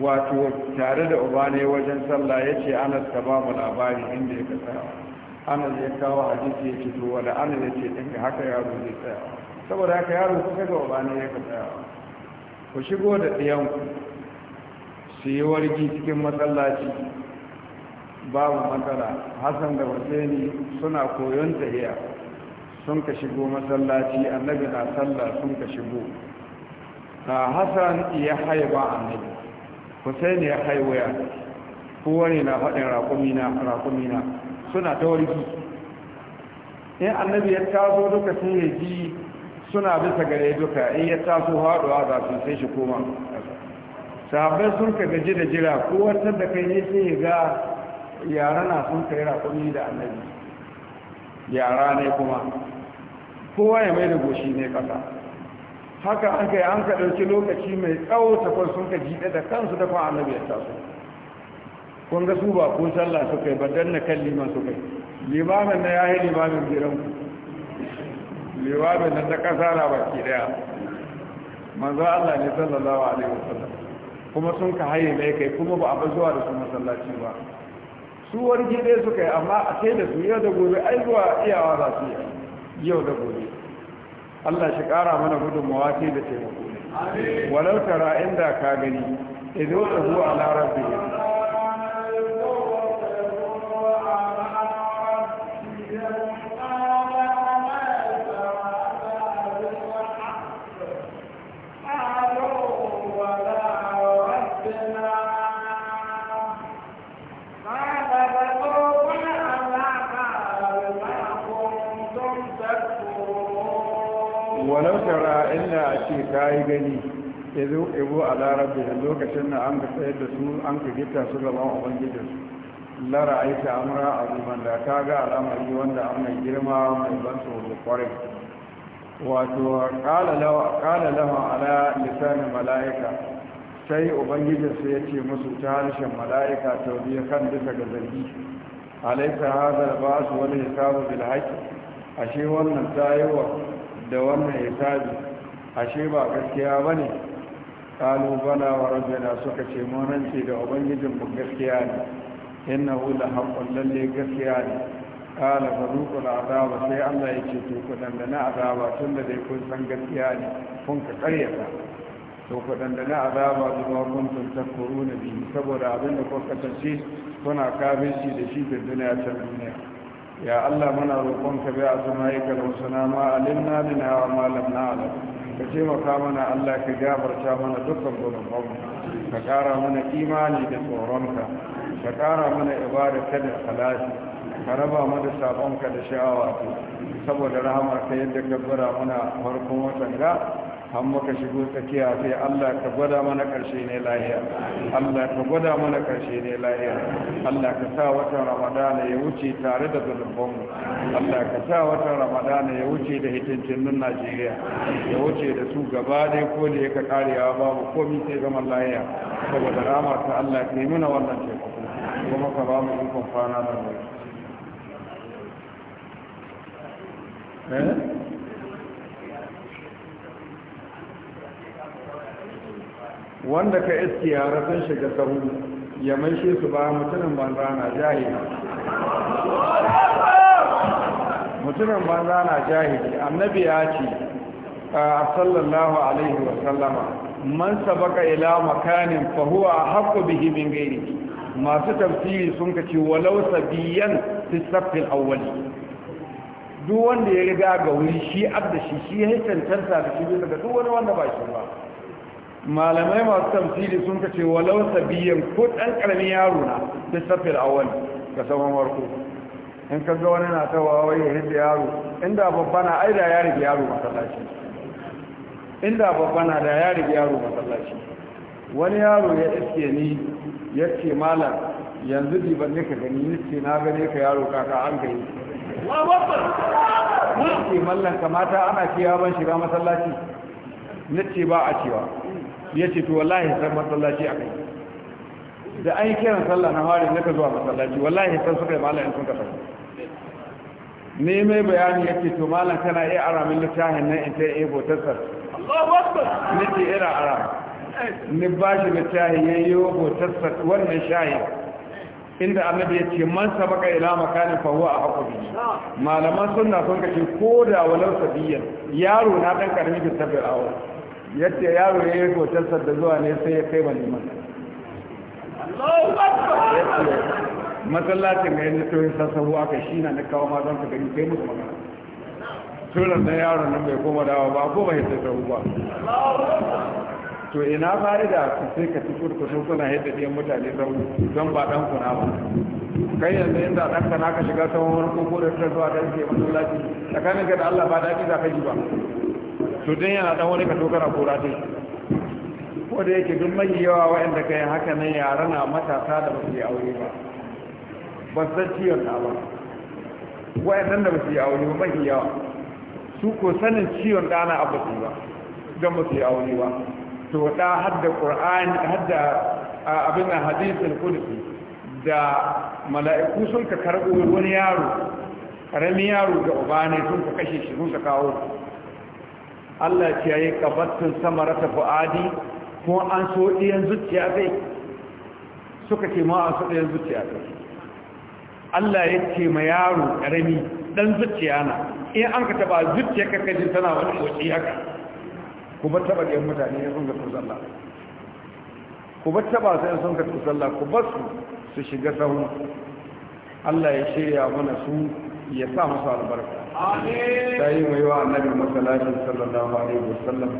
wato tare da ubane wajen sallah ya ce anas ka ba mu labari inda ya ka tsayawa anas ya kawo hadisi ya ce to wada anas ya ce ɗin haka yaro zai tsayawa saboda haka yaro kusa ga ubane ya ka tsayawa ku shigo da ɗiyanku su yi wargi cikin matsalaci babu matsala hassan da husaini suna koyon tahiya sun ka shigo matsalaci annabi na sallah sun ka shigo a hassan ya haiba annabi husaini ya haiwaya kowane na faɗin rakumina suna ta wargi in annabi ya taso duka sun ji suna bisa gare duka in ya taso haɗuwa za su sai shi koma sahabbai sun ka gaji da jira ko wata da kai ne sai ya ga yara na sun kai raƙumi da annabi yara ne kuma kowa ya mai da goshi ne ƙasa haka an kai an ka ɗauki lokaci mai tsawo takwas sun ka jiɗe da kansu da kwan annabi ya taso kun ga su ba ko sallah su kai, ba don na kan liman su kai. limamin na ya yi jiran ku. liwabin nan ta ƙasa na baki daya manzo Allah ne sallallahu alaihi wasallam kuma sun ka haye ne kai kuma ba abu zuwa da su masallaci ba su warke dai suka yi amma a sai da su yau da gobe ai zuwa iyawa za su yi yau da gobe Allah shi ƙara mana gudun sai da taimako walau tara inda ka gani idan ta zuwa ala rabbi ta yi gani ya zo ebo a larabe da lokacin na an ka tsaye da su an ka gita su gaban ubangijinsu lara aiki amra a zuban da ta ga al'amari wanda an mai girma mai ban tsoro kwarai wato kala lawa ala lisanin mala'ika sai su ya ce musu ta harshen mala'ika ta biya kan duka ga zargi alaika hadar ba su wani hisabu bilhaki ashe wannan tayowa da wannan hisabi ashe ba gaskiya ba ne kalu bala wa rabbina suka ce mun rance da ubangijin mu gaskiya ne innahu la haqqun lalle gaskiya ne kala faruqu al'azaba sai Allah ya ce to ku dandana azaba tunda dai kun san gaskiya ne kun ka karyata to ku dandana azaba da ma kun tun takuruna bi saboda abin da kuka kasance kuna kafinci da shi da duniya ta duniya ya Allah muna roƙonka bi asma'ikal husna ma alimna minha wa ma lam na'lam ka taimaka mana Allah ka gafarta mana dukkan gunubanmu ka ƙara mana imani da tsoronka ka kara mana ta da salati ka raba mana sabonka da sha'awa saboda rahama ka yadda ka bura mana farkon watan ga an maka shigo tsakiya sai Allah ka gwada mana karshe ne lahiya Allah ka gwada mana karshe ne lahiya Allah ka sa watan Ramadana ya wuce tare da zulubbanmu Allah ka sa watan Ramadana ya wuce da hitincin Najeriya ya wuce da su gaba dai ko da yake karewa babu komai sai zaman lahiya saboda rama ta Allah ka yi mana wannan teku kuma ka ba mu ikon kwana da mai wanda ka iske yara sun shiga sahu ya shi su ba mutumin banza na jahili mutunan banza na jahili annabi ya ce a sallallahu alaihi wa sallama man sabaka ila makanin fahuwa huwa haqqu bihi min ghairihi masu tafsiri sun kace walau sabiyan fi safil awwali duk wanda ya riga ga wuri shi abda shi shi ya cancanta da shi daga duk wani wanda ba shi ba malamai masu tamsiri sun kace walau sabiyan ko dan karamin yaro na a awal ga saman warko in ka ga wani na tawa wai ya hidda yaro inda babba na ai da ya rige yaro masallaci inda babba na da ya rige yaro masallaci wani yaro ya iske ni ya ce malam yanzu diban ban ka gani ni ce na gane ka yaro kaka an gani ni ce mallan kamata ana cewa ban shiga masallaci ni ce ba a cewa ya ce to wallahi san masallaci a kai da an yi kiran sallah na hari na ka zuwa masallaci wallahi san suka yi in sun ka sani ne mai bayani yake ce to malam kana iya aramin littafin nan in ta yi ebo tassar ne ke ira ara ne ba shi littafin ya yi ebo tassar wannan shayi inda annabi ya ce man sabaka ila makanin fahuwa a haƙuri malaman sunna sun kace ko da walau sabiyan yaro na dan karami da tabi'awa yadda yaro ya yi sa da zuwa ne sai ya kai maliman matsalacin ga yadda tsohon sassahu aka shi na na kawo mazan ka gani kai musu magana tunan na yaron nan bai koma dawa ba ko ba yadda tsohon ba to ina fari da su sai ka ci kurkusu suna yadda ɗiyan mutane don ba ɗan kuna ba kai yanzu inda ɗan kana ka shiga sauran ko da ta zuwa ɗan ke matsalaci tsakanin ka da allah ba daɗi za ka ji ba to dan yana dan wani ka dogara kura dai ko da yake duk mai yawa waɗanda ka yi haka nan yara na matasa da basu yi aure ba ba san ciwon ta ba waɗannan da basu yi aure ba mai yawa su ko sanin ciwon ɗa na abu ba don basu yi aure ba to da hadda ƙur'ani hadda abin da hadisin kudusi da mala'iku sun ka karbo wani yaro ƙaramin yaro ga uba ne sun ka kashe shi sun ka kawo Allah ce yayi sama rata fuadi ko an so ɗiyan zuciya kai suka ce ma an so ɗiyan zuciya kai Allah ya ce ma yaro ƙarami ɗan zuciya na in an ka taɓa zuciya ka kajin tana wani motsi haka ku bar taɓa ɗiyan mutane ya sun ga tuzu Allah ku bar taɓa su ya sun ga tuzu Allah ku bar su su shiga sahun Allah ya shirya mana su ya sa musu albarka ta yi mai wa annabi masalacin sallallahu alaihi wasallam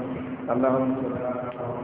allahun sallallahu